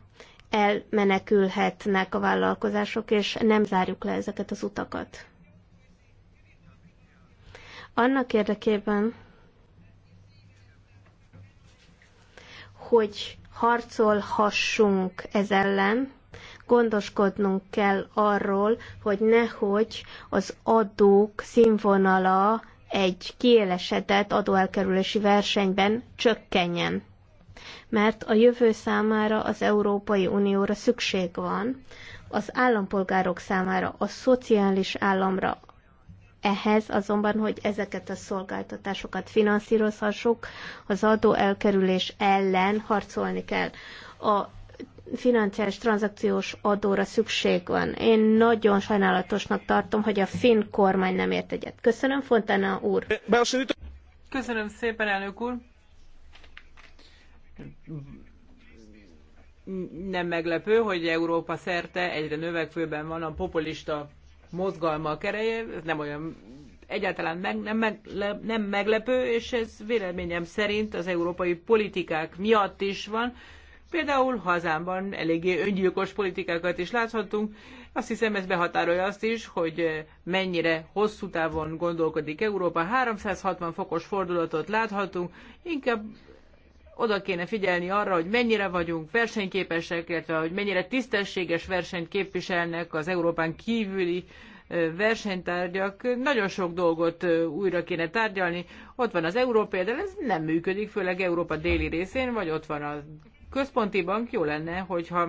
Speaker 5: elmenekülhetnek a vállalkozások, és nem zárjuk le ezeket az utakat. Annak érdekében, hogy harcolhassunk ez ellen, gondoskodnunk kell arról, hogy nehogy az adók színvonala egy kielesedett adóelkerülési versenyben csökkenjen. Mert a jövő számára az Európai Unióra szükség van, az állampolgárok számára, a szociális államra, ehhez azonban, hogy ezeket a szolgáltatásokat finanszírozhassuk, az adó elkerülés ellen harcolni kell. A financiális tranzakciós adóra szükség van. Én nagyon sajnálatosnak tartom, hogy a finn kormány nem ért egyet. Köszönöm, Fontana úr.
Speaker 6: Köszönöm szépen, elnök úr. Nem meglepő, hogy Európa szerte egyre növekvőben van a populista mozgalmak ereje, ez nem olyan egyáltalán meg, nem, meg, le, nem meglepő, és ez véleményem szerint az európai politikák miatt is van. Például hazámban eléggé öngyilkos politikákat is láthatunk. Azt hiszem ez behatárolja azt is, hogy mennyire hosszú távon gondolkodik Európa. 360 fokos fordulatot láthatunk. Inkább oda kéne figyelni arra, hogy mennyire vagyunk versenyképesek, illetve hogy mennyire tisztességes versenyt képviselnek az Európán kívüli versenytárgyak. Nagyon sok dolgot újra kéne tárgyalni. Ott van az Európa, de ez nem működik, főleg Európa déli részén, vagy ott van a központi bank. Jó lenne, hogyha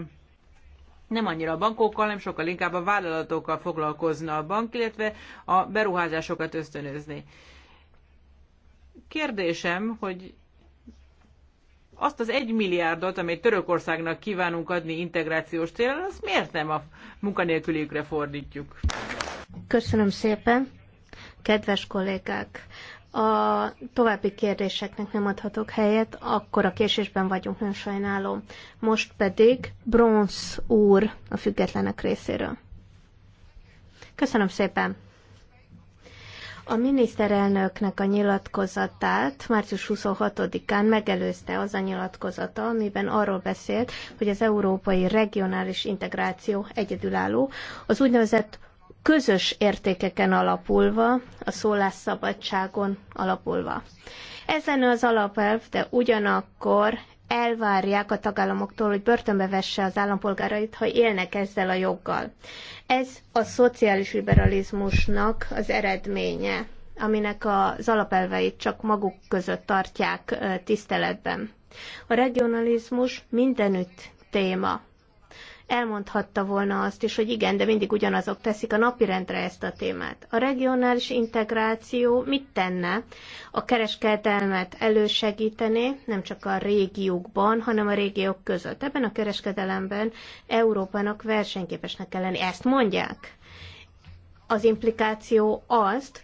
Speaker 6: nem annyira a bankokkal, nem sokkal inkább a vállalatokkal foglalkozna a bank, illetve a beruházásokat ösztönözni. Kérdésem, hogy azt az egy milliárdot, amit Törökországnak kívánunk adni integrációs célra, azt miért nem a munkanélküliükre fordítjuk?
Speaker 5: Köszönöm szépen, kedves kollégák! A további kérdéseknek nem adhatok helyet, akkor a késésben vagyunk, nem sajnálom. Most pedig Bronz úr a függetlenek részéről. Köszönöm szépen! A miniszterelnöknek a nyilatkozatát március 26-án megelőzte az a nyilatkozata, amiben arról beszélt, hogy az európai regionális integráció egyedülálló, az úgynevezett közös értékeken alapulva, a szólásszabadságon alapulva. Ezen az alapelv, de ugyanakkor elvárják a tagállamoktól, hogy börtönbe vesse az állampolgárait, ha élnek ezzel a joggal. Ez a szociális liberalizmusnak az eredménye, aminek az alapelveit csak maguk között tartják tiszteletben. A regionalizmus mindenütt téma elmondhatta volna azt is, hogy igen, de mindig ugyanazok teszik a napirendre ezt a témát. A regionális integráció mit tenne? A kereskedelmet elősegítené, nem csak a régiókban, hanem a régiók között. Ebben a kereskedelemben Európának versenyképesnek kell lenni. Ezt mondják. Az implikáció azt,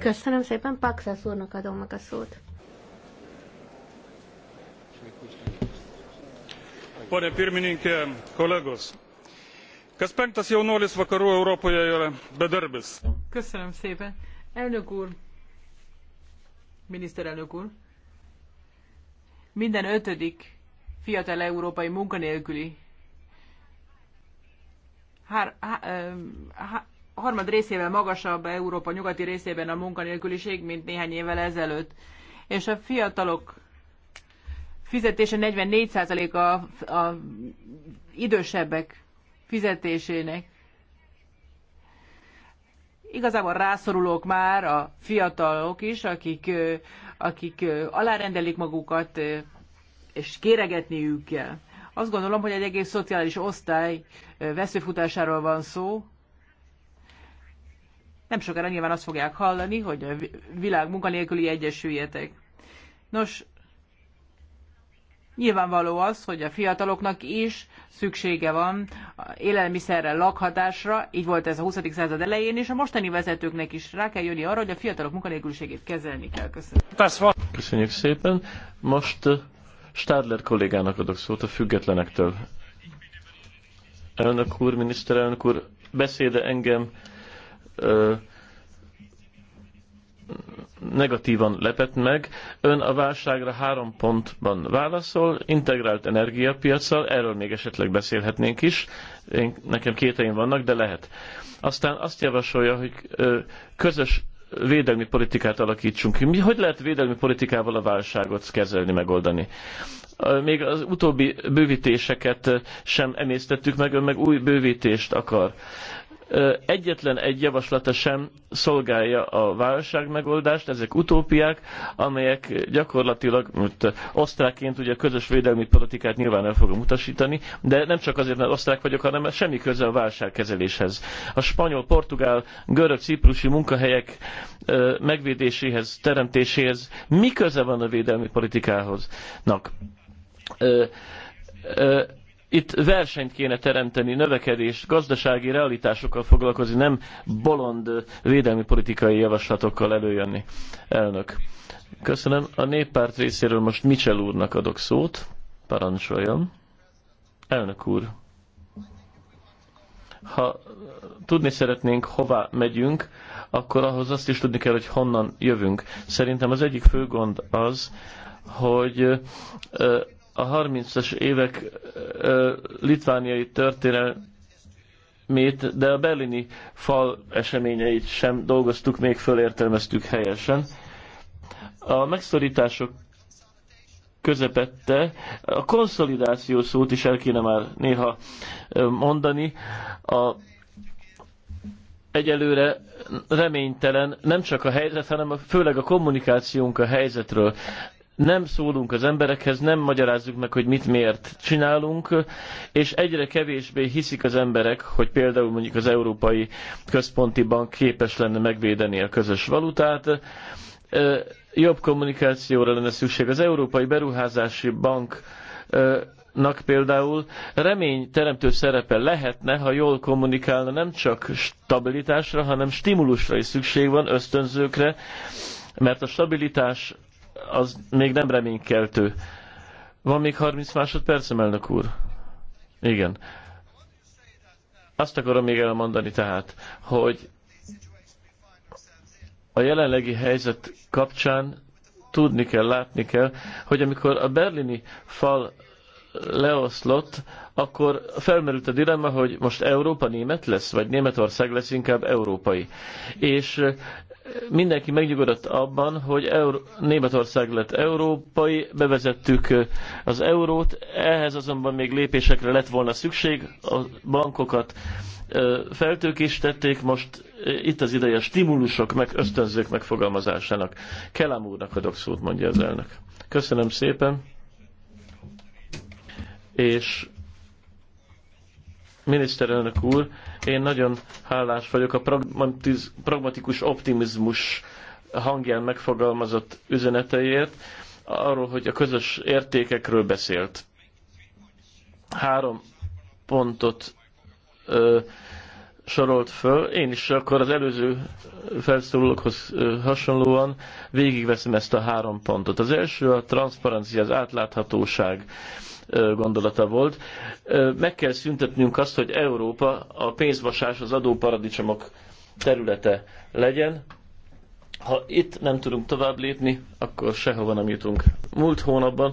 Speaker 5: Köszönöm, szépen, Paxász úrnak adom meg a szót.
Speaker 2: Pane pirmininkė, kolegos. Kas penktas jaunuolis vakarų Europoje yra bedarbis.
Speaker 6: Köszönöm szépen. Elnök úr, miniszterelnök úr, minden ötödik fiatal európai munkanélküli. há, há, harmad részével magasabb Európa nyugati részében a munkanélküliség, mint néhány évvel ezelőtt. És a fiatalok fizetése 44% a, a idősebbek fizetésének. Igazából rászorulók már a fiatalok is, akik, akik alárendelik magukat, és kéregetniük kell. Azt gondolom, hogy egy egész szociális osztály veszőfutásáról van szó, nem sokára nyilván azt fogják hallani, hogy a világ munkanélküli egyesüljetek. Nos, Nyilvánvaló az, hogy a fiataloknak is szüksége van élelmiszerre, lakhatásra, így volt ez a 20. század elején, és a mostani vezetőknek is rá kell jönni arra, hogy a fiatalok munkanélküliségét kezelni kell.
Speaker 2: Köszönöm. Köszönjük szépen. Most uh, Stadler kollégának adok szót a függetlenektől. Elnök úr, miniszterelnök úr, beszéde engem ö, negatívan lepett meg. Ön a válságra három pontban válaszol, integrált energiapiacsal, erről még esetleg beszélhetnénk is. Én, nekem kéteim vannak, de lehet. Aztán azt javasolja, hogy ö, közös védelmi politikát alakítsunk ki. hogy lehet védelmi politikával a válságot kezelni, megoldani? Még az utóbbi bővítéseket sem emésztettük meg, ön meg új bővítést akar egyetlen egy javaslata sem szolgálja a válság megoldást, ezek utópiák, amelyek gyakorlatilag, most osztrákként ugye a közös védelmi politikát nyilván el fogom utasítani, de nem csak azért, mert osztrák vagyok, hanem mert semmi köze a válságkezeléshez. A spanyol, portugál, görög, ciprusi munkahelyek megvédéséhez, teremtéséhez mi köze van a védelmi politikához? Nak. Ö, ö, itt versenyt kéne teremteni, növekedést, gazdasági realitásokkal foglalkozni, nem bolond védelmi politikai javaslatokkal előjönni. Elnök. Köszönöm. A néppárt részéről most Michel úrnak adok szót. Parancsoljon. Elnök úr. Ha tudni szeretnénk, hová megyünk, akkor ahhoz azt is tudni kell, hogy honnan jövünk. Szerintem az egyik fő gond az, hogy a 30-as évek litvániai történelmét, de a berlini fal eseményeit sem dolgoztuk, még fölértelmeztük helyesen. A megszorítások közepette. A konszolidáció szót is el kéne már néha mondani. A egyelőre reménytelen nem csak a helyzet, hanem főleg a kommunikációnk a helyzetről nem szólunk az emberekhez, nem magyarázzuk meg, hogy mit miért csinálunk, és egyre kevésbé hiszik az emberek, hogy például mondjuk az Európai Központi Bank képes lenne megvédeni a közös valutát. Jobb kommunikációra lenne szükség. Az Európai Beruházási Bank nak például remény teremtő szerepe lehetne, ha jól kommunikálna, nem csak stabilitásra, hanem stimulusra is szükség van, ösztönzőkre, mert a stabilitás az még nem reménykeltő. Van még 30 másodpercem, elnök úr? Igen. Azt akarom még elmondani tehát, hogy a jelenlegi helyzet kapcsán tudni kell, látni kell, hogy amikor a berlini fal leoszlott, akkor felmerült a dilemma, hogy most Európa német lesz, vagy Németország lesz inkább európai. És mindenki megnyugodott abban, hogy Euró- Németország lett európai, bevezettük az eurót, ehhez azonban még lépésekre lett volna szükség, a bankokat feltőkistették, most itt az ideje a stimulusok, meg ösztönzők megfogalmazásának. Kelem úrnak adok szót, mondja az elnök. Köszönöm szépen, és Miniszterelnök úr, én nagyon hálás vagyok a pragmatikus optimizmus hangján megfogalmazott üzeneteiért, arról, hogy a közös értékekről beszélt. Három pontot ö, sorolt föl. Én is akkor az előző felszólókhoz hasonlóan végigveszem ezt a három pontot. Az első a transzparencia, az átláthatóság gondolata volt. Meg kell szüntetnünk azt, hogy Európa a pénzvasás, az adóparadicsomok területe legyen. Ha itt nem tudunk tovább lépni, akkor sehova nem jutunk. Múlt hónapban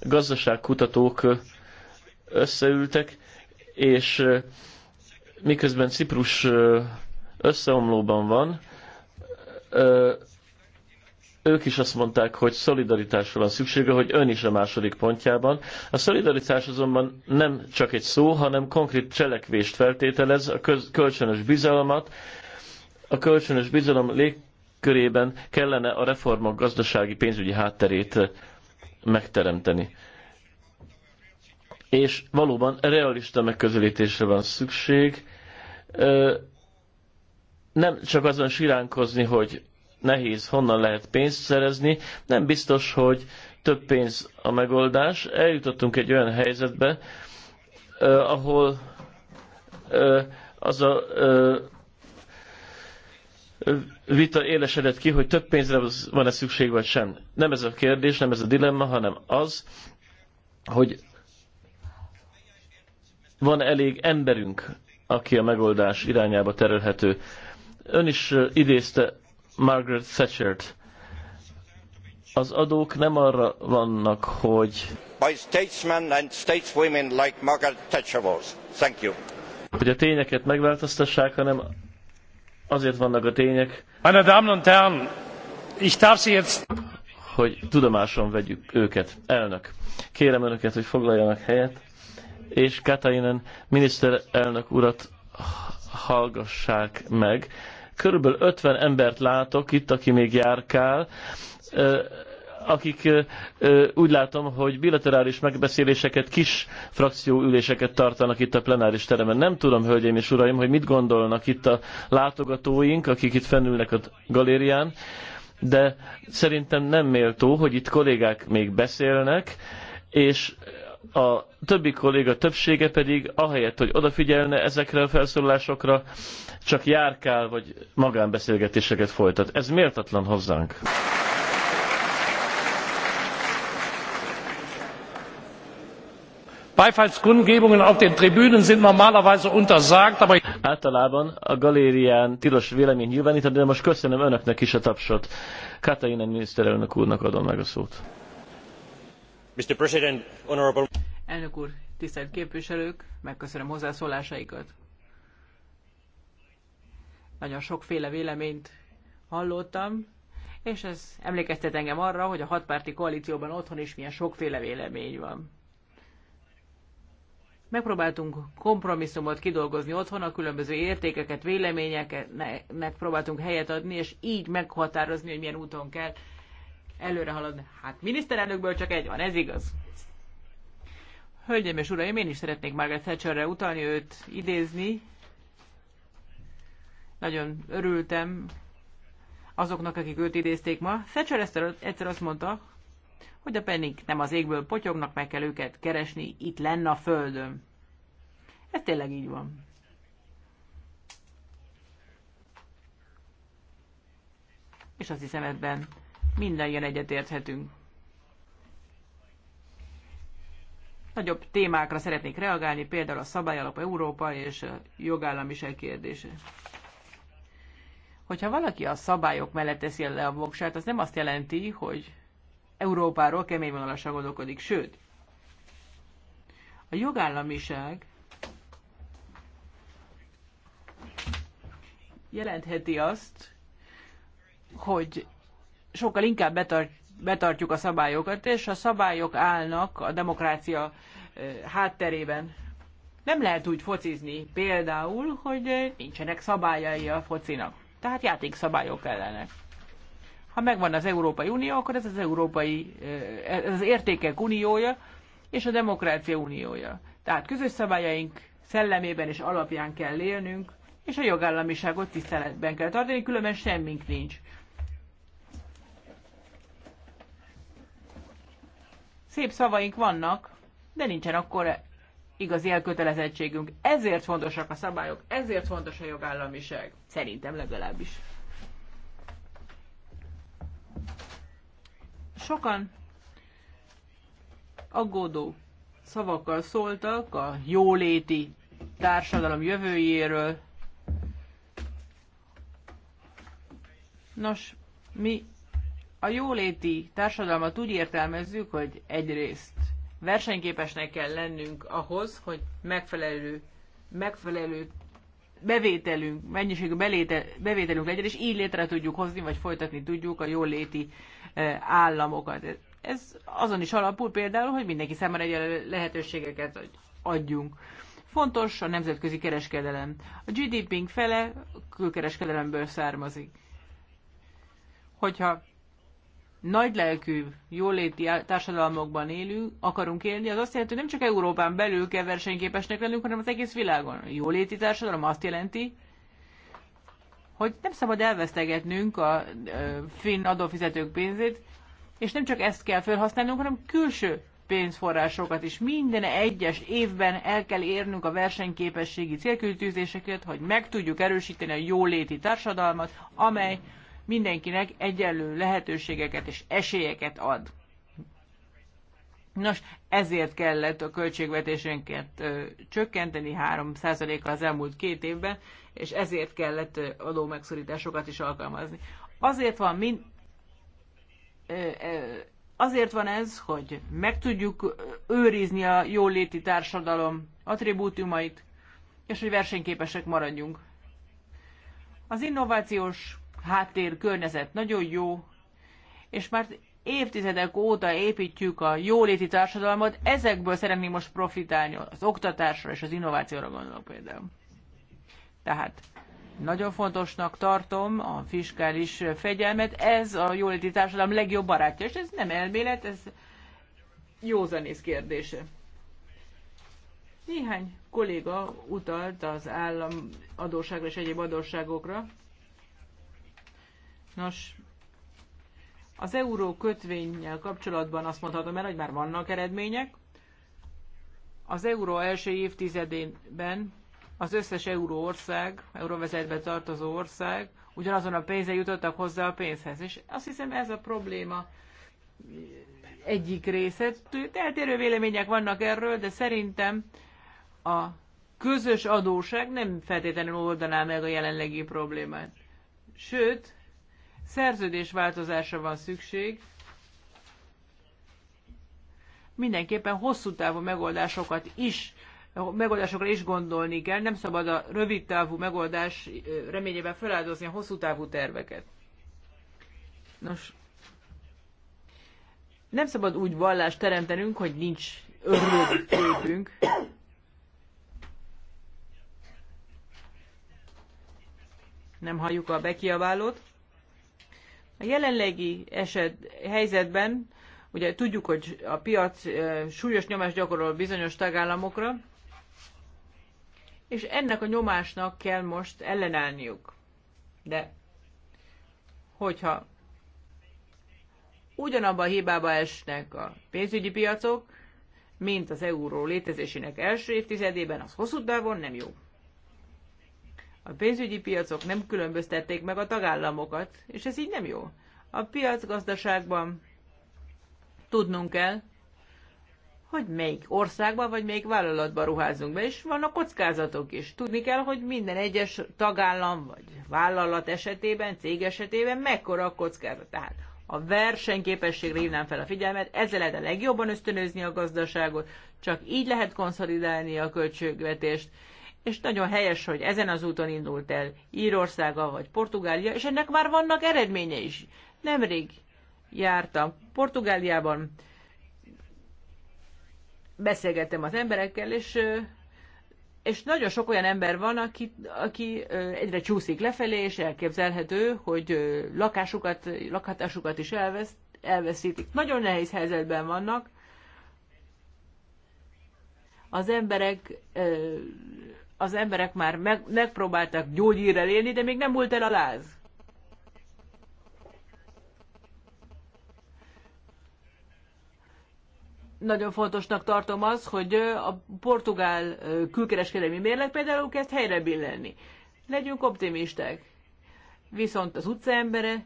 Speaker 2: gazdaságkutatók összeültek, és miközben Ciprus összeomlóban van, ők is azt mondták, hogy szolidaritásra van szüksége, hogy ön is a második pontjában. A szolidaritás azonban nem csak egy szó, hanem konkrét cselekvést feltételez, a köz, kölcsönös bizalmat. A kölcsönös bizalom légkörében kellene a reformok gazdasági pénzügyi hátterét eh, megteremteni. És valóban realista megközelítésre van szükség. Eh, nem csak azon siránkozni, hogy nehéz, honnan lehet pénzt szerezni. Nem biztos, hogy több pénz a megoldás. Eljutottunk egy olyan helyzetbe, eh, ahol eh, az a eh, vita élesedett ki, hogy több pénzre van-e szükség, vagy sem. Nem ez a kérdés, nem ez a dilemma, hanem az, hogy van elég emberünk, aki a megoldás irányába terelhető. Ön is idézte Margaret Thatcher-t. Az adók nem arra vannak, hogy by statesmen
Speaker 4: and stateswomen like Margaret Thatcher was. Thank you.
Speaker 2: Hogy a tényeket megváltoztassák, hanem azért vannak a tények. Meine Damen und Herren, ich darf Sie jetzt hogy tudomáson vegyük őket. Elnök, kérem önöket, hogy foglaljanak helyet, és Katainen miniszterelnök urat hallgassák meg. Körülbelül 50 embert látok itt, aki még járkál, akik úgy látom, hogy bilaterális megbeszéléseket, kis frakcióüléseket tartanak itt a plenáris teremben. Nem tudom, hölgyeim és uraim, hogy mit gondolnak itt a látogatóink, akik itt fennülnek a galérián, de szerintem nem méltó, hogy itt kollégák még beszélnek, és a többi kolléga többsége pedig, ahelyett, hogy odafigyelne ezekre a felszólásokra, csak járkál vagy magánbeszélgetéseket folytat. Ez méltatlan hozzánk. beifallskundgebungen auf den tribünen sind normalerweise untersagt aber általában a galérián tilos vélemény nyilvánítani, de most köszönöm önöknek is a tapsot. Katainen miniszterelnök úrnak adom meg a szót.
Speaker 6: Elnök úr, tisztelt képviselők, megköszönöm hozzászólásaikat. Nagyon sokféle véleményt hallottam, és ez emlékeztet engem arra, hogy a hatpárti koalícióban otthon is milyen sokféle vélemény van. Megpróbáltunk kompromisszumot kidolgozni otthon, a különböző értékeket, véleményeknek próbáltunk helyet adni, és így meghatározni, hogy milyen úton kell előre haladni. Hát miniszterelnökből csak egy van, ez igaz. Hölgyeim és uraim, én is szeretnék Margaret Thatcherre utalni, őt idézni. Nagyon örültem azoknak, akik őt idézték ma. Thatcher egyszer azt mondta, hogy a penik nem az égből potyognak, meg kell őket keresni, itt lenne a földön. Ez tényleg így van. És azt hiszem ebben mindenjen egyetérthetünk. Nagyobb témákra szeretnék reagálni, például a szabályalap Európa és a jogállamiság kérdése. Hogyha valaki a szabályok mellett teszi le a voksát, az nem azt jelenti, hogy Európáról kemény vonalasan gondolkodik, sőt, a jogállamiság jelentheti azt, hogy sokkal inkább betart, betartjuk a szabályokat, és a szabályok állnak a demokrácia hátterében. Nem lehet úgy focizni például, hogy nincsenek szabályai a focinak. Tehát játékszabályok ellenek. Ha megvan az Európai Unió, akkor ez az Európai, ez az értékek uniója és a demokrácia uniója. Tehát közös szabályaink szellemében és alapján kell élnünk, és a jogállamiságot tiszteletben kell tartani, különben semmink nincs. szép szavaink vannak, de nincsen akkor igazi elkötelezettségünk. Ezért fontosak a szabályok, ezért fontos a jogállamiság. Szerintem legalábbis. Sokan aggódó szavakkal szóltak a jóléti társadalom jövőjéről. Nos, mi a jóléti társadalmat úgy értelmezzük, hogy egyrészt versenyképesnek kell lennünk ahhoz, hogy megfelelő, megfelelő bevételünk, mennyiségű bevételünk legyen, és így létre tudjuk hozni, vagy folytatni tudjuk a jóléti e, államokat. Ez azon is alapul például, hogy mindenki számára egy- lehetőségeket adjunk. Fontos a nemzetközi kereskedelem. A gdp ink fele külkereskedelemből származik. Hogyha nagylelkű, jóléti társadalmakban élünk, akarunk élni, az azt jelenti, hogy nem csak Európán belül kell versenyképesnek lennünk, hanem az egész világon. A jóléti társadalom azt jelenti, hogy nem szabad elvesztegetnünk a finn adófizetők pénzét, és nem csak ezt kell felhasználnunk, hanem külső pénzforrásokat is. Minden egyes évben el kell érnünk a versenyképességi célkültűzéseket, hogy meg tudjuk erősíteni a jóléti társadalmat, amely mindenkinek egyenlő lehetőségeket és esélyeket ad. Nos, ezért kellett a költségvetésünket ö, csökkenteni 3%-kal az elmúlt két évben, és ezért kellett adó megszorításokat is alkalmazni. Azért van mind, ö, ö, azért van ez, hogy meg tudjuk őrizni a jóléti társadalom attribútumait, és hogy versenyképesek maradjunk. Az innovációs háttér környezet nagyon jó, és már évtizedek óta építjük a jóléti társadalmat, ezekből szeretnénk most profitálni, az oktatásra és az innovációra gondolok például. Tehát nagyon fontosnak tartom a fiskális fegyelmet, ez a jóléti társadalom legjobb barátja, és ez nem elmélet, ez józanész kérdése. Néhány kolléga utalt az állam adósságra és egyéb adósságokra. Nos, az euró kötvényel kapcsolatban azt mondhatom el, hogy már vannak eredmények. Az euró első évtizedében az összes euró ország, euróvezetbe tartozó ország ugyanazon a pénze jutottak hozzá a pénzhez. És azt hiszem ez a probléma egyik része. Eltérő vélemények vannak erről, de szerintem a közös adóság nem feltétlenül oldaná meg a jelenlegi problémát. Sőt, szerződés változásra van szükség, mindenképpen hosszú távú megoldásokat is megoldásokra is gondolni kell, nem szabad a rövid távú megoldás reményében feláldozni a hosszú távú terveket. Nos, nem szabad úgy vallást teremtenünk, hogy nincs örülő képünk. Nem halljuk a bekiabálót. A jelenlegi eset, helyzetben, ugye tudjuk, hogy a piac súlyos nyomást gyakorol bizonyos tagállamokra, és ennek a nyomásnak kell most ellenállniuk. De hogyha ugyanabba a hibába esnek a pénzügyi piacok, mint az euró létezésének első évtizedében, az hosszú távon nem jó. A pénzügyi piacok nem különböztették meg a tagállamokat, és ez így nem jó. A piacgazdaságban tudnunk kell, hogy melyik országban vagy melyik vállalatban ruházunk be, és vannak kockázatok is. Tudni kell, hogy minden egyes tagállam vagy vállalat esetében, cég esetében mekkora a kockázat. Tehát a versenyképességre hívnám fel a figyelmet, ezzel lehet a legjobban ösztönözni a gazdaságot, csak így lehet konszolidálni a költségvetést, és nagyon helyes, hogy ezen az úton indult el Írországa vagy Portugália, és ennek már vannak eredménye is. Nemrég jártam Portugáliában, beszélgettem az emberekkel, és, és nagyon sok olyan ember van, aki, aki egyre csúszik lefelé, és elképzelhető, hogy lakásukat, lakhatásukat is elvesz, elveszítik. Nagyon nehéz helyzetben vannak. Az emberek az emberek már meg, megpróbáltak gyógyírrel élni, de még nem volt el a láz. Nagyon fontosnak tartom az, hogy a portugál külkereskedelmi mérleg például kezd helyre billenni. Legyünk optimisták. Viszont az utcaembere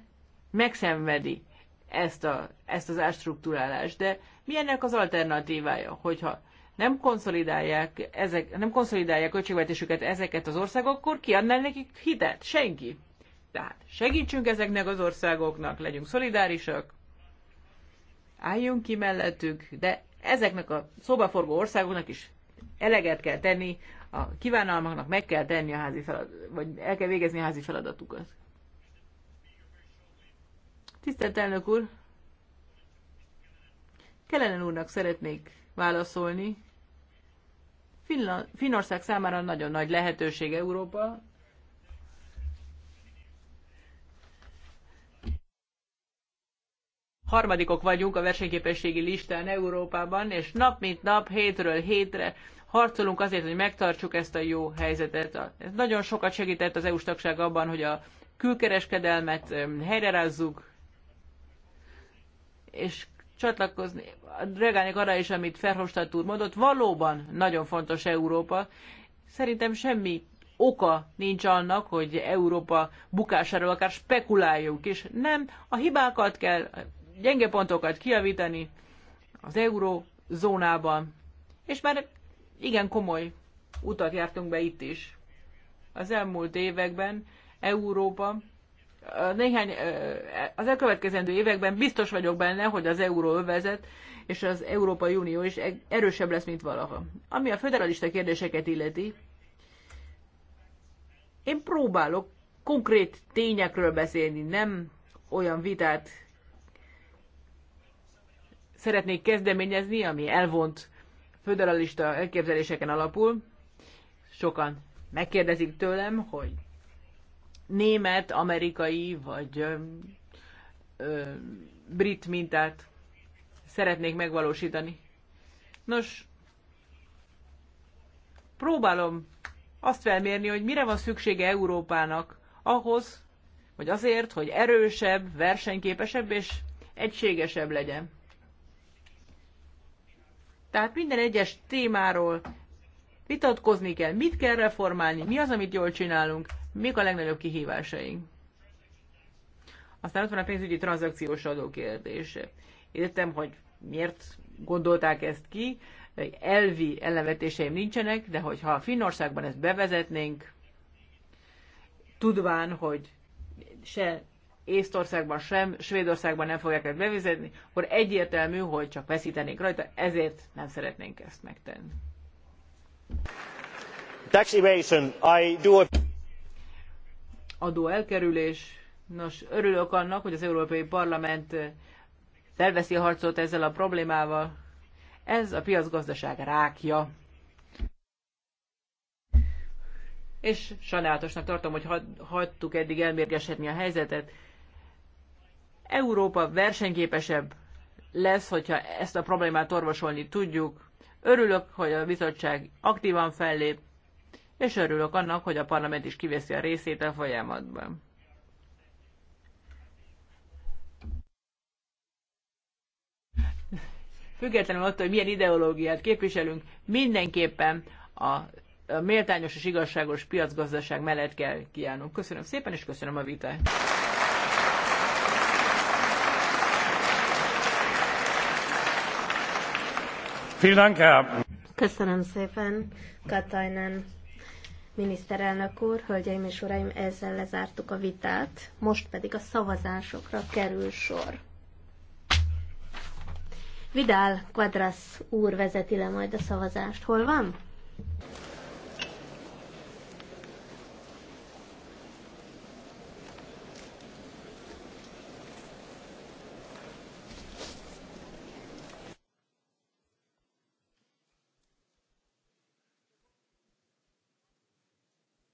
Speaker 6: megszenvedi ezt, a, ezt az árstruktúrálást. De milyennek az alternatívája, hogyha nem konszolidálják, ezek, nem konszolidálják költségvetésüket ezeket az országok, akkor kiadnál nekik hitet? Senki. Tehát segítsünk ezeknek az országoknak, legyünk szolidárisak, álljunk ki mellettük, de ezeknek a szobaforgó országoknak is eleget kell tenni, a kívánalmaknak meg kell tenni a házi feladat, vagy el kell végezni a házi feladatukat. Tisztelt elnök úr! Kellenen úrnak szeretnék válaszolni. Finország számára nagyon nagy lehetőség Európa. Harmadikok vagyunk a versenyképességi listán Európában, és nap mint nap, hétről hétre harcolunk azért, hogy megtartsuk ezt a jó helyzetet. Ez nagyon sokat segített az EU-s tagság abban, hogy a külkereskedelmet helyrerázzuk, és csatlakozni reagálni arra is, amit Ferhofstadt úr mondott, valóban nagyon fontos Európa. Szerintem semmi oka nincs annak, hogy Európa bukásáról akár spekuláljuk is. Nem, a hibákat kell, a gyenge pontokat kiavítani az eurózónában. És már igen komoly utat jártunk be itt is. Az elmúlt években Európa néhány, az elkövetkezendő években biztos vagyok benne, hogy az euróövezet és az Európai Unió is erősebb lesz, mint valaha. Ami a föderalista kérdéseket illeti, én próbálok konkrét tényekről beszélni, nem olyan vitát szeretnék kezdeményezni, ami elvont föderalista elképzeléseken alapul. Sokan megkérdezik tőlem, hogy német, amerikai vagy ö, ö, brit mintát szeretnék megvalósítani. Nos, próbálom azt felmérni, hogy mire van szüksége Európának ahhoz, hogy azért, hogy erősebb, versenyképesebb és egységesebb legyen. Tehát minden egyes témáról vitatkozni kell, mit kell reformálni, mi az, amit jól csinálunk, mik a legnagyobb kihívásaink. Aztán ott van a pénzügyi tranzakciós adó kérdése. Értem, hogy miért gondolták ezt ki, elvi ellenvetéseim nincsenek, de hogyha Finnországban ezt bevezetnénk, tudván, hogy se Észtországban sem, Svédországban nem fogják ezt bevezetni, akkor egyértelmű, hogy csak veszítenék rajta, ezért nem szeretnénk ezt megtenni.
Speaker 2: Tax evasion, I do...
Speaker 6: Nos, örülök annak, hogy az Európai Parlament eh, felveszi a harcot ezzel a problémával. Ez a piacgazdaság rákja. És sajnálatosnak tartom, hogy hagytuk eddig elmérgesedni a helyzetet. Európa versenyképesebb lesz, hogyha ezt a problémát orvosolni tudjuk. Örülök, hogy a bizottság aktívan fellép, és örülök annak, hogy a parlament is kiveszi a részét a folyamatban. Függetlenül attól, hogy milyen ideológiát képviselünk, mindenképpen a méltányos és igazságos piacgazdaság mellett kell kiállnunk. Köszönöm szépen, és köszönöm a vitát.
Speaker 5: Köszönöm szépen, Katajnen miniszterelnök úr, hölgyeim és uraim, ezzel lezártuk a vitát, most pedig a szavazásokra kerül sor. Vidal Quadras úr vezeti le majd a szavazást. Hol van?